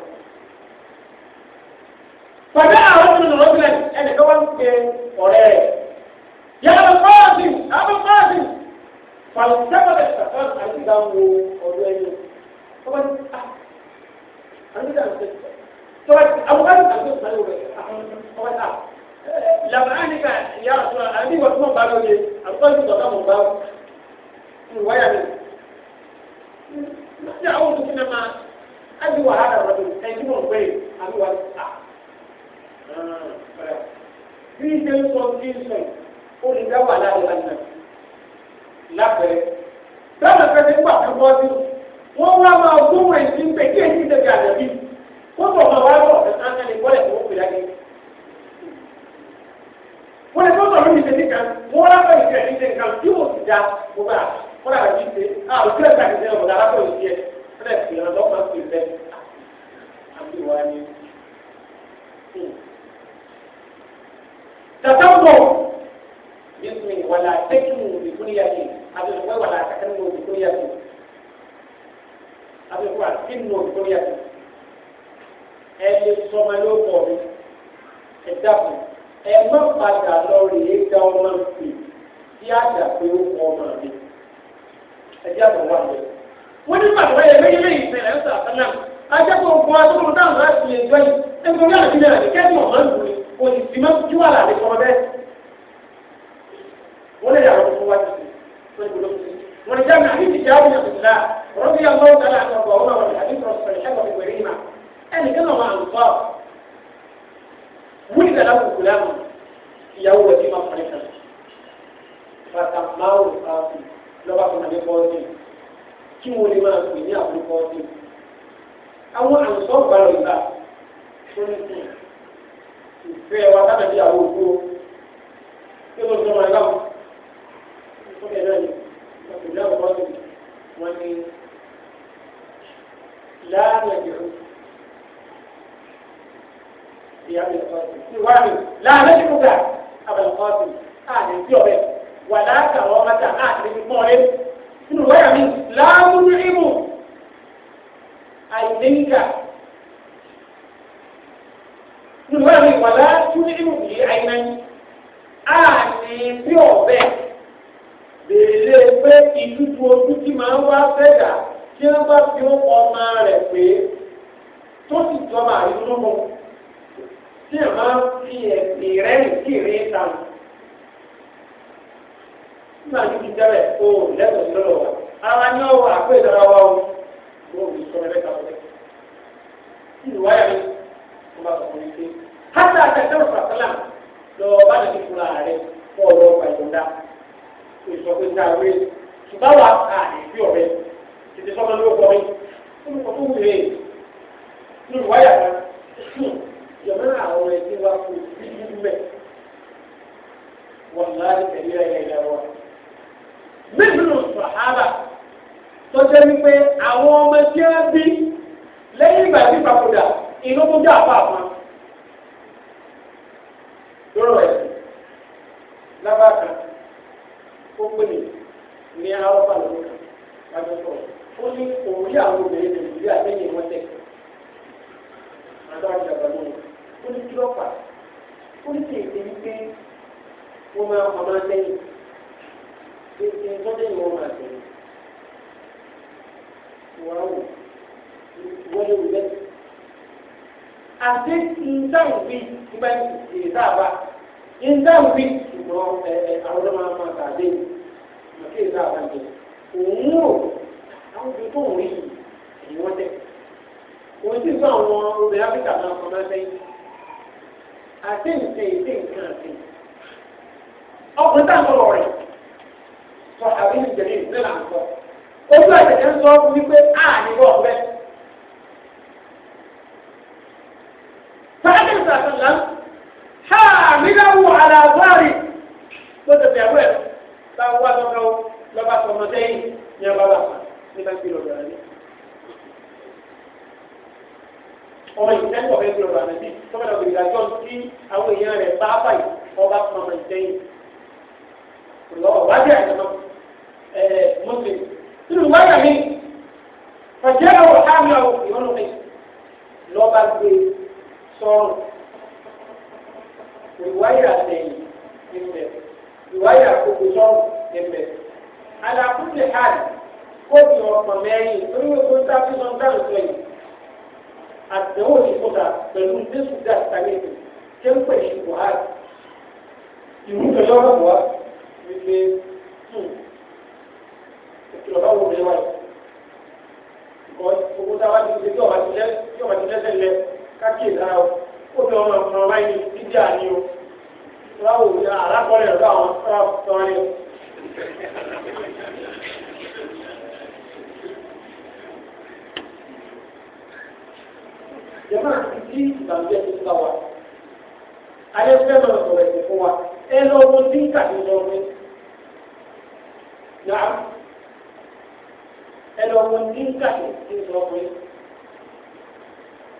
Pàdé àwọn ọmọ ìlú ẹnìkan wá ń pe ọ̀rẹ́ rẹ̀. Yàrá bọ́ọ̀sì! Yàrá bọ́ọ̀sì! fàlùsẹ́fà ah, ah, eh, bẹ̀ ah, sọ ní ìjọba ó lè dá wàhálà rẹ̀ lánàá lápẹ̀rẹ̀. Táwọn akẹ́kẹ́ ń gbà fún bọ́ọ̀dù, wọ́n wá máa gbóhùn ẹ̀sìn ń pè kí èyí ti dẹ̀bi àdàbí. Wọ́n bọ̀ máa wá lọ ọ̀sán náà ní bọ́ọ̀lẹ̀ tó ń pè láyé. Wọ́n lè tọ́jú ọ̀rọ̀ mi ṣe wọ́n rá bẹ̀rẹ̀ ìṣẹ̀ ìṣẹ̀ tí mo ti da mo bá wọ́n rà bí ṣe, a ò tí lẹ́sà kìí ṣe ọ̀dà alákọ̀ọ́ ìṣe ẹ̀ fẹ́lẹ̀ fi ọ̀rọ̀ lọ́kàn fi fẹ́. Tàtàbọ̀ باسم ولا تكنوا بكنيته هذا هو ولا تكنوا بكنيته هذا هو كنوا بكنيته ẹni sọmọ ló pọ̀ mi ẹ dàpọ̀ ẹ má padà lọ rí i dá ọmọ pè tí a dà pé ó pọ̀ ọmọ mi ẹ jẹ́ àbọ̀ wà lọ. wọ́n ní bàbá yẹn méjì méjì ìṣẹ̀lẹ̀ ń sàkán náà ajẹ́pọ̀ ògùn adúlọ̀ dáhùn láti lè gbẹ́yìn a orí àdúgbò àti kẹ́kọ̀ọ́ máa ń lò ó sì ti máa ń jú àlàlẹ́ kọ́ bẹ́ẹ̀ wọ́n lè yàwó tó wá ti sè wọ́n lè wọ́n lè jáde àbí ti jáde yàtọ̀ sílá rọ́bì yà lọ́wọ́ tálà àtọ̀gbọ̀ ọ̀nà wọn àbí pọ̀sọ̀ ìṣẹ́gun ti wẹ̀rẹ̀ ìmà ẹnì kan náà àlùfọ́ wúni kàlá kùkù lánà ìyàwó rẹ̀ bí ma fọ̀rẹ́ kan bàtà máa wò fáfù lọ́ba kan àbí pọ́ọ̀sì kí wọ́n lè máa pè ní àbúrò pọ́ọ̀sì àwọn àlùfọ́ gbàrọ̀ ìgbà tó ń sìn ìfẹ́ wa sábẹ̀ bí àwọn òkú ó tó tó tó máa ìdá ọ̀rọ̀ wọn ni láàrin ẹ̀jẹ̀rú ìyá rẹ̀ kọ́sìn ìwádìí láàrin ẹ̀jẹ̀rúgà abẹ̀lẹ̀ kọ́sìn àti ìdí ọ̀bẹ wà láàkà wọn mọ́ta àti ìdí pọ́nlé nínú wáyà mi láàmúlú ìmù àìdínkà nínú wáyà mi wà láàtúndínlù yìí àìnáyí àti ìdí ọ̀bẹ. Bèèrè pé ìlú ju ojú tí máa ń wá fẹ́dà tí wọ́n bá fi ó ọmọ rẹ̀ pé tó sì jọba àìlúmọ̀ tí ẹ̀ máa ń fi ẹ̀sìn rẹ̀ sí ìrìn ìta. Nígbà tí kìí jẹ́rẹ̀ tó lẹ́tọ̀ọ́ sí lọ́wọ́ wa, ara ní ọ̀rọ̀ àpò ìdára wa o, mo ò ní sọ ẹgbẹ́ kan lẹ́yìn. Ìlú wáyà mi, mo bá sọ fún mi pé, hátà àtẹ̀tẹ̀ òṣàtàlà lọ bá lè rẹ̀ fún ọ̀rọ̀ ọgbà ìjọba. ìsọ̀tò ìjà rẹ̀ ṣùgbọ́n wà á ìbí ọ̀rẹ́ tètè sọ́kàn ló kọ́ mi olùkọ́ tó wùlé lórí wáyà kan yọ̀mọ́ àwọn ẹni wa kò sí nínú mẹ́ wọn láti tẹ̀lé ẹ̀yà ìyá wa. mílíọ̀nù sàhábà tó jẹ́ wípé àwọn ọmọ tí wọ́n bí lẹ́yìn ìgbà tí papòdà ìlú tó jà fáfá. ṣẹlẹ̀ káàkiri ìlà o ó fi ọmọ ọmọ wáyé ní ìjà ni o láwò ya ah, àlákọ̀ọ́lẹ̀ ọ̀dọ́ àwọn sọ́ọ̀ sọ́ọ̀rẹ́ o. jẹ́mọ́ àti tí ìbànújẹ́ ti sá wa ayé fẹ́ lọ sọ̀rọ̀ ẹ̀sìn fún wa ẹ lọ wo tí kàdé lọ rí yàrá ẹ lọ wo tí kàdé ti sọ̀rọ̀ rí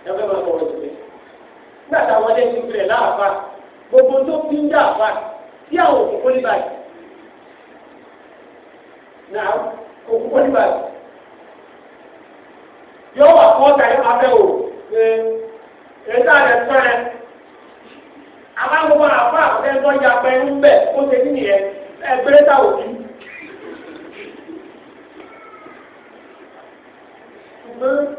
ẹgbẹ́ máa bọ̀ wọ̀nyí pé nígbà táwọn ọdẹ ti pilẹ̀ láàfà gbogbo tó fi ń dá àfà sí àwọn òkú kólí báyìí náà òkú kólí báyìí yóò wà fún ọ̀tá yóò abẹ́ o pé ètò àrẹ sọ́rẹ́ aláwọ̀ àfà ẹ̀gbọ́n ya pẹ́ ń bẹ̀ ó ṣe ní nìyẹn ẹgbẹ́rẹ́ ta òbí. Thank you.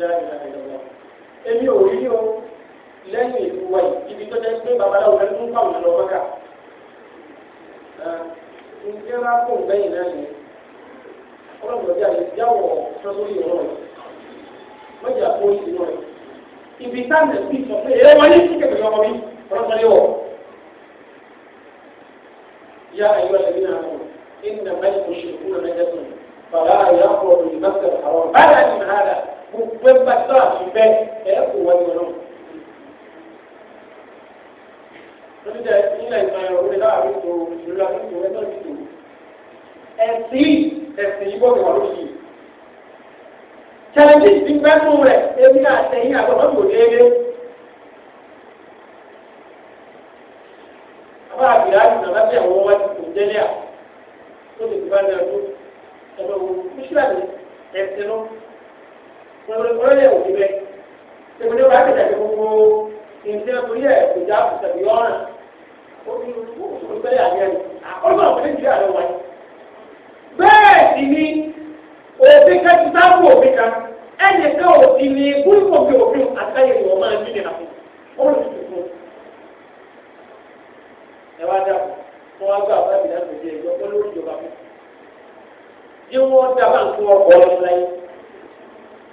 èmi ò rí o lẹ́yìn ìlú wa yìí ibi tó jẹ́ pé babaláwo rẹ̀ ń fàwọn lọ bọ́kà ǹjẹ́ bá kó lẹ́yìn náà ni ọlọ́mọdé àyè jáwọ̀ sọ́sórí ìrọ̀rùn mọ́jà kó ìlú rẹ̀ ibi táwọn ẹ̀sìn sọ pé èrè wọn ní kíkẹ́kẹ́ lọ́wọ́ mi ọlọ́mọdé wọ̀ yá ayọ́ ẹ̀mí náà mọ̀ إنما المشركون نجس فلا يقرب المسجد pé pàtó àti bẹ́ẹ̀ ẹ̀ kò wọ́n yọ náà. lórí jẹ nílẹ̀ ìgbàlẹ̀ òwe láàbí tó ìlú àbí tó ẹ̀ náà ti tò. ẹ̀sìn ẹ̀sìn yìí gbọ́dọ̀ wà lóṣì. challenge ti pẹ́ fún rẹ̀ ebi àtẹ̀yìn àgbọ̀dọ̀ kò déédéé. àbá àbìlá àti nàlábẹ́ àwọn wá ti kò délé à. ó lè ti bá ní ọdún ẹ̀rọ òwò ẹ̀sìn náà ọlọ́lẹ̀ òbí bẹ́ẹ̀ tẹ̀wọ́dé wà á kẹta tó gbogbo ìṣe orí ẹ̀ kò já kò tẹ̀lé ọ̀ràn ó fi òṣèlú bẹ́ẹ̀ àgbẹ̀rù àkọ́lùmọ̀ òfin nàìjíríà lọ wáyé. bẹ́ẹ̀ sì ni òfin kan ti sáàbù òfin kan ẹnì kan ò sì ní gbúgbò bí òfin àtàyè ìwọ̀n máa ń bí nìyà fún ó lè tuntun. ẹ wá dà fún wọn gbà bá ìdájọ́ ìjọba olórí ìjọba fún. yíwọ́n dábàá nǹkan ọkọ̀ ọ̀rọ̀ láyé.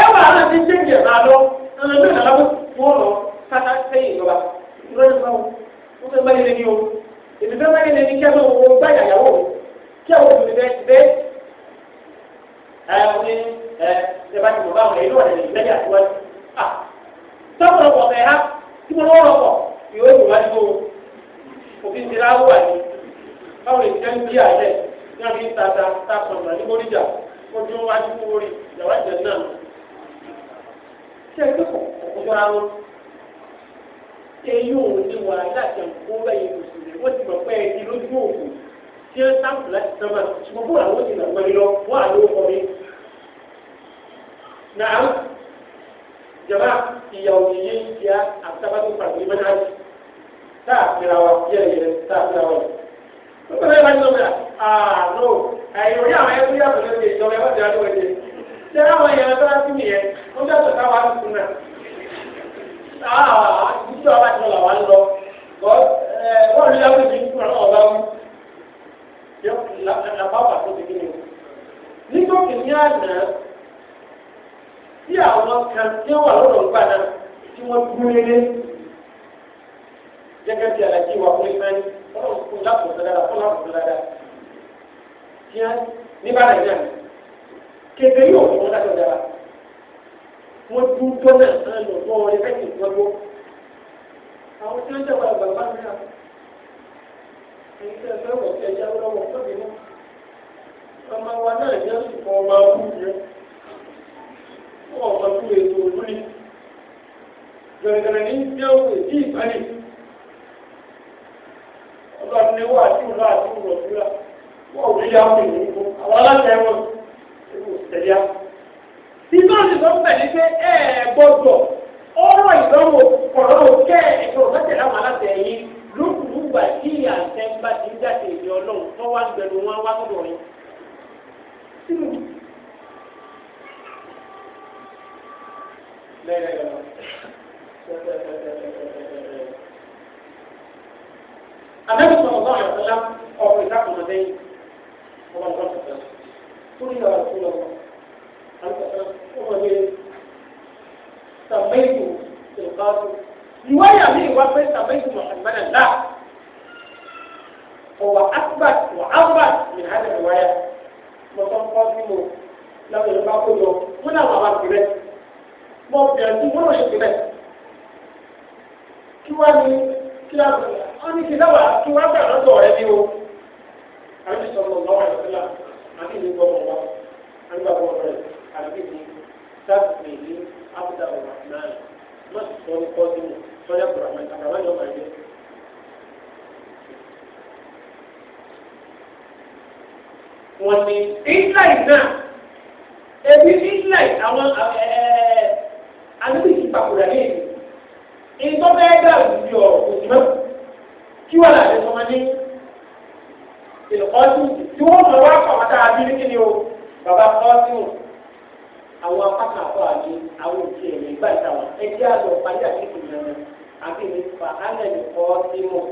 ẹwà rẹ ti ṣe jẹ náà lọ ẹlẹgbẹ́ náà lọ wọn lọ kátà sẹ́yìn ìjọba ìjọba yìí báwo wọn fẹẹ báyìí lẹni o èmi fẹẹ báyìí lẹni kí ẹ lọ wọ gbáyà yàwó kí ẹ wọ òbí bẹ ti bẹ ẹ wọn ni ẹ ẹ bá ti mọ báwọn èyí ló wà lẹni ìgbẹ́jà àtiwájú ah sọ́kùnrin pọ̀ bẹ́ẹ̀ ha tí mo lọ́wọ́ lọ́kọ̀ ìwé ìwádìí tó òfin ti ráwọ́ wà ní báwo lè jẹ́ níbi àlẹ́ ní àbí tata tá a sọ̀rọ̀ nígbóríjà ojú wájú kúrò rí ìyàwó àjẹ náà ṣe é dúkọ̀ ọ̀gbọ́n àwọn ẹ̀yìn òun ni wà láti ẹ̀kọ́ bẹ́yìn mùsùlùmí wọ́n ti mọ̀ pé ẹni lójú òògùn tí ó sáàpù láti sọ́mà ṣùgbọ́n bó àwọn ti nà pẹ́lú lọ wọ́n àlọ́ ọkọ mi. Nàá jọba ìyàwó yìí ń jẹ́ àtàbátò pàtó ìmọ̀ náà táà fira wa yẹ̀yẹ̀ táà fira wa. Bọ́lá ìwádìí lọ́mọdà, àà nọ, àìròyìn àwọn ẹgbẹ́ yàtọ̀ lẹ́sẹ̀ ìjọba ẹgbẹ́ tẹ́lá yẹn lọ́tọ́ láti nìyẹn ó dàtọ̀ táwa ń kun náà àà ah, ìdíjọ́ ọba tí wọ́n là wá ń lọ wọ́n rí lábẹ́ ìdí nípa náà ọba wí yọ làbá wà tó ti ni o. nítorí ní àná tí àwọn kan tí wọ́n wà lọ́dọ̀ ń gbà tí wọ́n dúró gẹ́gẹ́ bí alájí wa fún ìfẹ́ ní ọlọ́run fún lápò dáadáa fún lápò dáadáa. ní kébé yóò fún ọ̀dà tó dára wọ́n tún tó náà lọ fún ọ̀rẹ́ fẹ́ kì àwọn tí wọ́n jẹ́ wà bàbá mi náà èyí tẹ́ ẹ fẹ́ wọ̀ sí ẹja lọ́wọ́ tóbi náà ọmọ wa náà jẹ́ sùpọ̀ ọmọ ọkú yẹn fún ọmọ tó ètò òdúlé gbẹ̀rẹ̀gbẹ̀rẹ̀ ní bí ó kò sí ìbálẹ̀ ọlọ́run ni wọ́n àti ìlú àti ìrọ̀dúrà wọ́n ò rí àwọn ènìyàn àwọn aláṣẹ wọn tẹ̀lé àwọn. Ìgbà òṣìṣẹ́ ń bẹ̀ ní pé ẹ gbọ́dọ̀ ọ̀rọ̀ ìdánwò ọ̀rọ̀ kẹ́ ẹ̀jọ̀ mẹ́tẹ̀lá wọn aláṣẹ yìí lókùnrùgbà tí àṣẹ ń bá ti ń jáde ìdí ọlọ́run tó wá ń gbẹnu wọn wá lọ́dọ̀ yìí. Àbẹ̀wò sọ̀rọ̀ bá ọ̀rọ̀ sọ́lá ọ̀rọ̀ ìdákùnrin ọ̀dẹ́yìn ọba ìgbọ́n sọ̀rọ̀. قل يا رسول الله أمر سميت القاسم رواية لي وقت سميت محمدا لا هو أثبت وأثبت من هذه الرواية وكم قاسم لم يلقى كله هنا ما بكبت ما بيعطي ولا يكبت kí wá ní kí á bẹ̀rẹ̀ wọ́n ní kí dáwà kí wá bẹ̀rẹ̀ lọ́dọ̀ rẹ ní o àbí sọ̀rọ̀ lọ́wọ́ ìfẹ́lá àbí ìlú gbọ́dọ̀ wá nígbà gbọ́dọ̀ rẹ̀ àbí ìlú sáàpì ìlú ábùdá ọ̀rọ̀ náà má sì sọ ní kọ́ọ̀tù mi sọ́jà kùrọ̀ àmọ́ àbáwá yọ̀ máa jẹ́. wọ́n ní israel náà ebi israel àwọn àdúgbò ìpàkùrẹ̀ ní ìlú ìgbọ́mẹ́gbà òjò ọ̀rọ̀ òjò mẹ́kù kí wọ́n làbẹ́ sọ́mọ́ ní ìlú kọ́ọ̀tù tí wọ́n mọ̀ wá kọ̀ọ̀tà àbí ní kíni o bàbá kọ́ sí wọn. àwọn apákan àpọ̀ àbí àwọn òkè ẹ̀mí gbà ìta wọn ẹjẹ́ àlọ́ parí àkíkì nana àbí mi fa alẹ́ mi kọ́ sí wọn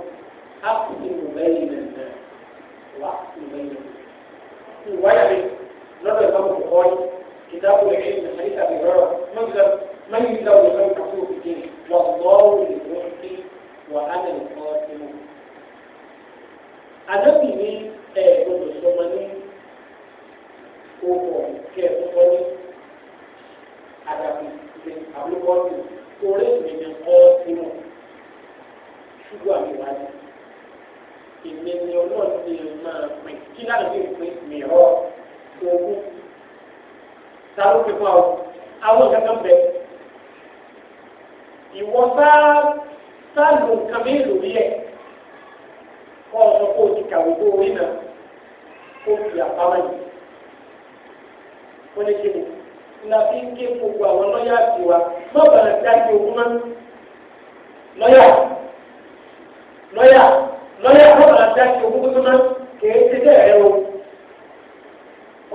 á kù sí mi lẹ́yìn nana wà á kù lẹ́yìn. ìwáyà mi lọ́dọ̀ ìbámu kò kọ́ yìí kìtàbù ẹ̀ṣẹ́ ìdàgbàsíkà mi rọrọ̀ mọ́yì lọ wọ lọ́wọ́ kàtó òkìkí wọ́n lọ́wọ́ lè lọ́wọ́ sí wọ́n á ẹ gbọ́dọ̀ sọmọ ní owó kẹ ọkọ ní àdàbí ní àbúkọ ní orí ìrìnà ọ sínú ṣùgbọ́n àmì wáyé èmi ni ọlọ́run ti máa pín kí láti fi pín mìíràn ogún ta ló fi fún àwọn àwọn kankan bẹ ìwọ bá sáàlù nǹkan mélòó yẹ ó fi àpárá yìí ó ní kí ni ìlà fi ń ké gbogbo àwọn lọ́yà àti wa má bàa dájú ogún náà lọ́yà lọ́yà lọ́yà má bàa dájú ogún tó náà kèé ti bẹ́ẹ̀ rẹ o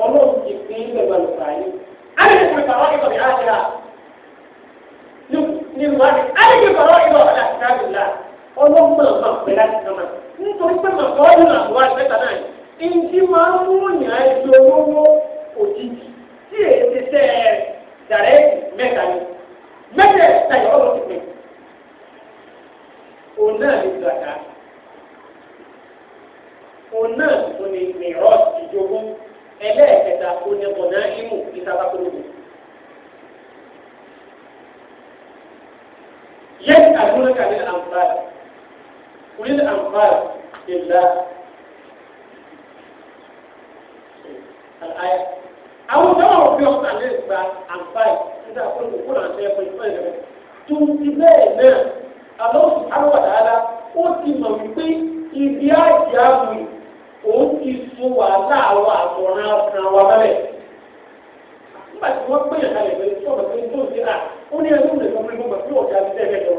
ọlọ́run ti fi ń bẹ̀rẹ̀ lọ́sà yìí. Ayé ti fi kàwá ìbọn yàrá ti rà ní ìwádìí. Ayé ti fi kàwá ìbọn ọ̀dà ti rà jùlọ. Ọlọ́run máa ma pẹ̀lú àti sọ́mà. Nítorí pé màá kọ́ ọ́ nínú àwọn àgbẹ̀ta ìdí máa ń mú ìyá ẹgbẹ́ olówó òjijì tí èyí ti sẹ́ ẹ̀ dàrẹ́ mẹ́ta ni mẹ́ta ẹ̀ta ìyá ọ̀rọ̀ ti pè é òun náà ní gbàgbà òun náà tún ní mìíràn ìjogún ẹlẹ́ẹ̀kẹta onígbọ̀nà ìmù ìtàbákòlógún. yẹ́n àdúrà kàlẹ́ àǹfààní onílẹ̀ àǹfààní ìlà. àlàyé àwọn tó wà fi ọkàn lè gba àǹfààní nígbà tó ń kó làǹtẹ ẹ̀kọ́ ìfẹ́ ìrẹ̀lẹ̀ tó ń ti bẹ́ẹ̀ náà àlọ́ àwọ̀dáadá ó ti mọ̀ wípé ibi àìsí àwì òun ti sun wàhálà àwọn àwòrán ọ̀sán wa bẹ́ẹ̀. nígbà tí wọ́n gbé ìyàtà lè bẹ̀rẹ̀ sọ̀rọ̀ pé tó ń ti rà ó ní ẹgbẹ́ òun lè sọ pé mo gbà pé ọ̀gá ti tẹ̀ lẹ́jọ́.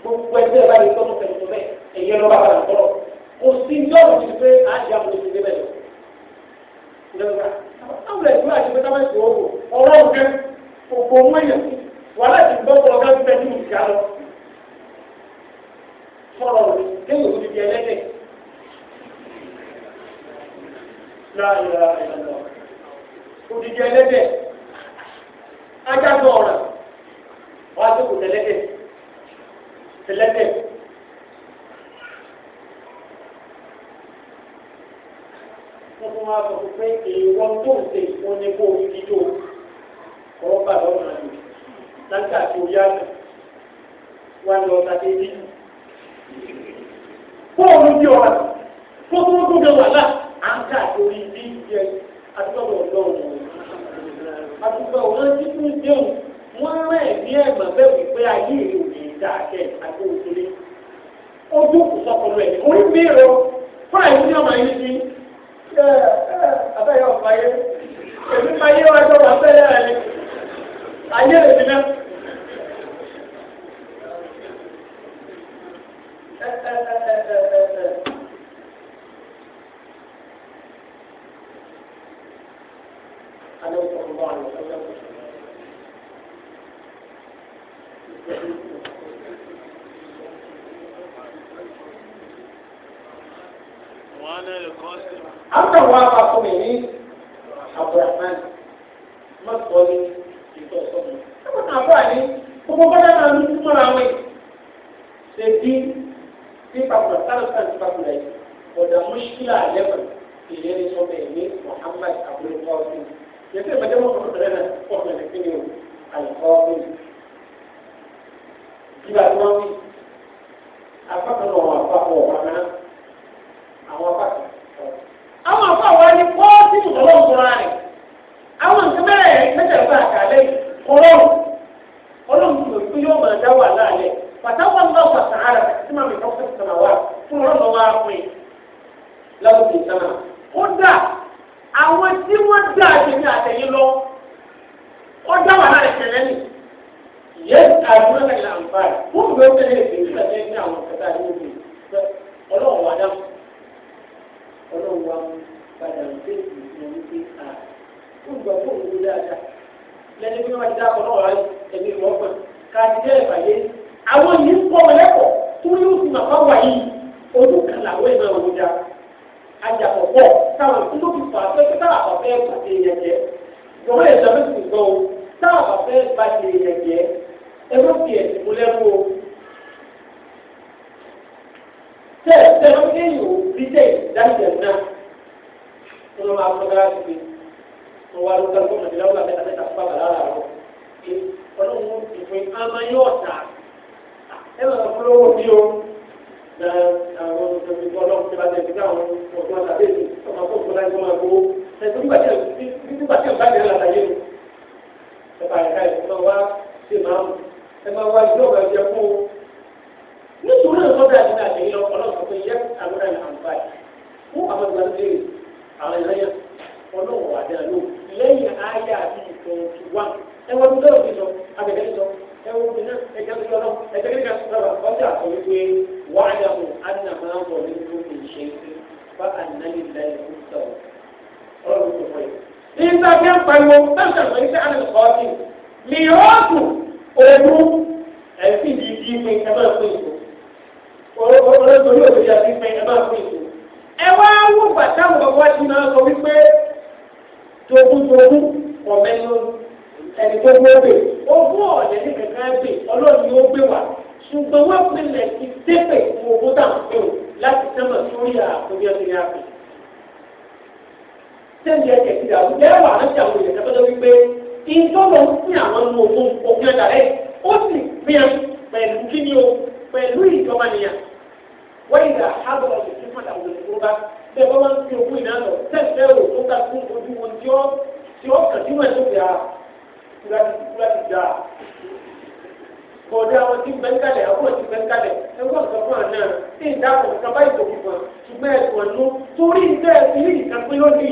gbogbo ẹgbẹ́ bá lè sọ́kùn tẹ̀lé kò sí lọ́rọ̀ ti pé àti àbúrò ti débẹ̀ lọ. Àwọn ẹ̀dùn àti pé táwọn ẹ̀sìn ọ̀gbọ̀n ọ̀rọ̀ ọ̀gẹ́ ògbó mọ́yà wà láti gbọ́ pọ̀ ọ̀gá ti tẹ́jú ìjà lọ. Sọ̀rọ̀ rẹ̀ kéwòn ti di ẹlẹ́dẹ̀. Odidi ẹlẹ́dẹ̀ ajágbọ̀ ọ̀rọ̀ wá sí kò tẹ́lẹ́dẹ̀ tẹ́lẹ́dẹ̀. fún wa sọ pé èèwọ̀ tó ń ṣe ìfún ní kó orí dídò ọ̀rọ̀ bà lọ́nà rẹ̀ lágbà tó yá nù wá lọ tàbí bí. Bọ́ọ̀lù bí ọ̀rọ̀ tó tó tó bẹ wà lá à ń kà lórí bí ìjẹ àtúntọ̀rọ̀ lọ́wọ́. Àtúntọ̀ wọn ti tún dẹ́hùn wọ́n rán ẹ̀mí ẹ̀mọ̀ bẹ́ẹ̀ wípé ayé ìlú kì í dà kẹ́ àti òṣèré. Ojú kò sọ̀kọ̀lọ̀ ẹ̀ orí mi rọ fún àìsí ọmọ yìí ẹ ẹ èmi máa yé wájú ọ̀fà bẹ́ẹ̀ ni ayé rẹ̀ ti náà. tẹ́ ẹ fi ní ìkàpé ó ní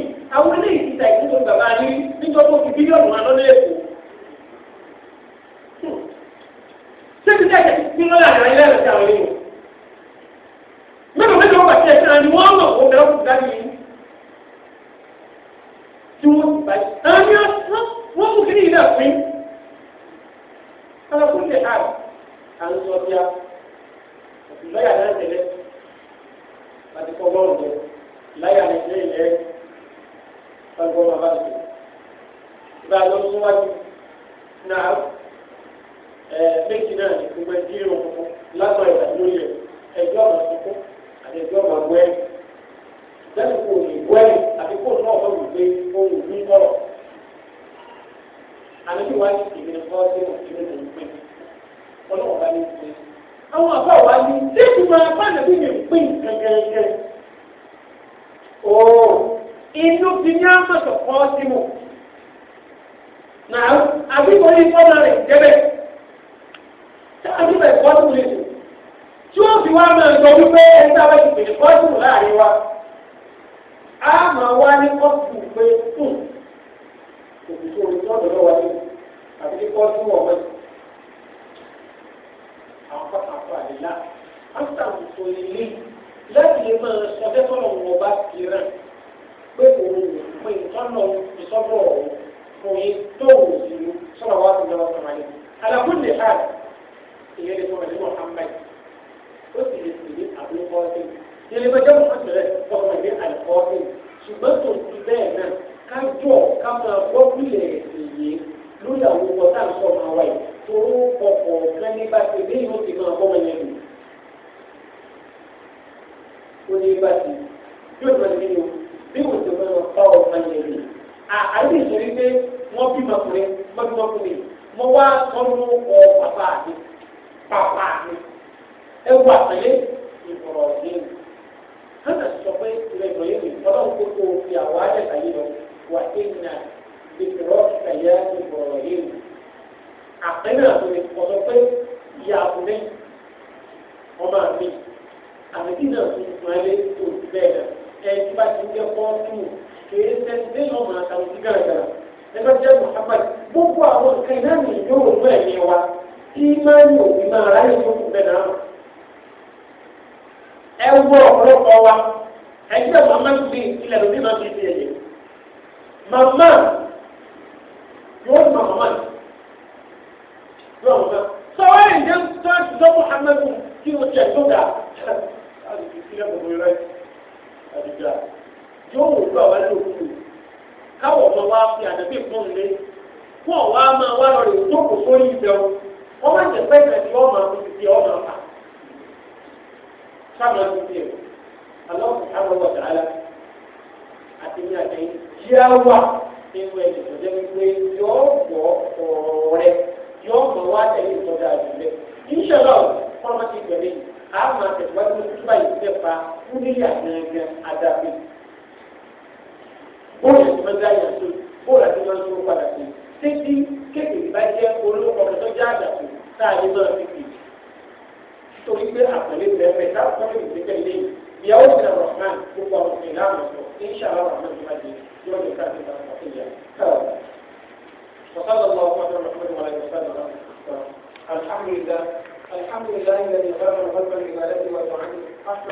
oníbàtì yóò tó ní o bí wò tó fẹ́ lọ kọ́ ọ̀kan yẹn ni. àyè ìṣòro pé wọ́n bí mọ̀kùnrin wọ́n bí mọ̀kùnrin mo wá sọ́nù ọ̀ pàpà mi pàpà mi ẹ wà pẹ̀lẹ́ ìfọ̀rọ̀ mi. hánà sọ pé ìrẹ̀ ìmọ̀ yẹn mi ọlọ́run kó tó fi àwọn àjẹ́ kàyé lọ wà é nà ìfọ̀rọ̀ kàyé ìfọ̀rọ̀ yẹn mi. àpẹẹrẹ àbúrò ọ̀sọ̀ pé ìyá àbúrò ọmọ mi àbẹ̀tí náà fi ìsúnmọ́lé tó ti bẹ́ẹ̀ náà ẹ̀ tí bá ti jẹ́ pọ́ńtù kìí ṣe ṣe lọ́ máa ta òsì gàràgàrà ẹgbẹ́ jẹ́ Muhammad gbogbo àwọn nǹkan iná mi yóò mú ẹ̀mí wa tí máa ń yòó ìmọ̀ ara yìí tó kù bẹ́ẹ̀ náà. ẹ wọ ọ̀pọ̀lọpọ̀ wa ẹgbẹ́ Muhammad gbé ilẹ̀ lómi máa fi ṣe ẹ̀yẹ. màmá yóò mọ Muhammad yóò mọ sọ wáyé ìjẹun tó ti sọ Muhammad kí o jẹ tó dáa láti fi sílẹ̀ pẹ̀lú rẹ̀ àdìgbà yóò wò lú àwọn ẹlòmíì kù káwọ̀ ọmọ wa fi àdàbí fún un lé fún ọ̀wá máa wá lọ rè tó kò sórí ibẹ̀ o wọ́n má jẹ́ pẹ́ ìgbà tí wọ́n máa fi ti ọ̀nà pa sábà ti tiẹ̀ alọ́ kò sábà wọ̀ dáadáa àti ní àtẹ̀yìn yíyá wà nínú ẹ̀jẹ̀ tó jẹ́ wípé yọ̀ọ́ gbọ́ ọ̀rọ̀ rẹ̀ yọ̀ọ́ mọ̀ wá tẹ̀lé ìtọ́jà àdúgbò ìṣẹ̀lẹ̀ ọ̀rọ̀ kọ́ńtà ti gbẹ̀lẹ́ yìí àmà tẹ̀síwájú nípa ìfẹ́fà fúnilà gẹ́gẹ́ adáfẹ́. Bóyá ti máa ń dá yàn tó, bóyá ti máa ń tó padà sí. Títí kékeré bá jẹ́ olóko tó jẹ́ àdàpọ̀ tá a lè máa fi kì í. Torí pé àpẹẹrẹ bẹ̀rẹ̀ táwọn kọ́lé ìgbésẹ̀ ilé yìí. Ìyàwó ti nà Rahman gbogbo àwọn ọmọ ìlà àmọ̀ sọ. Inṣàlá Rahman ti máa di yóò lè káàkiri àwọn ọmọ ìyá. وصلى الله وسلم على محمد وعلى اله وصحبه وسلم الحمد لله الحمد لله الذي خلق الخلق لعبادته وطاعته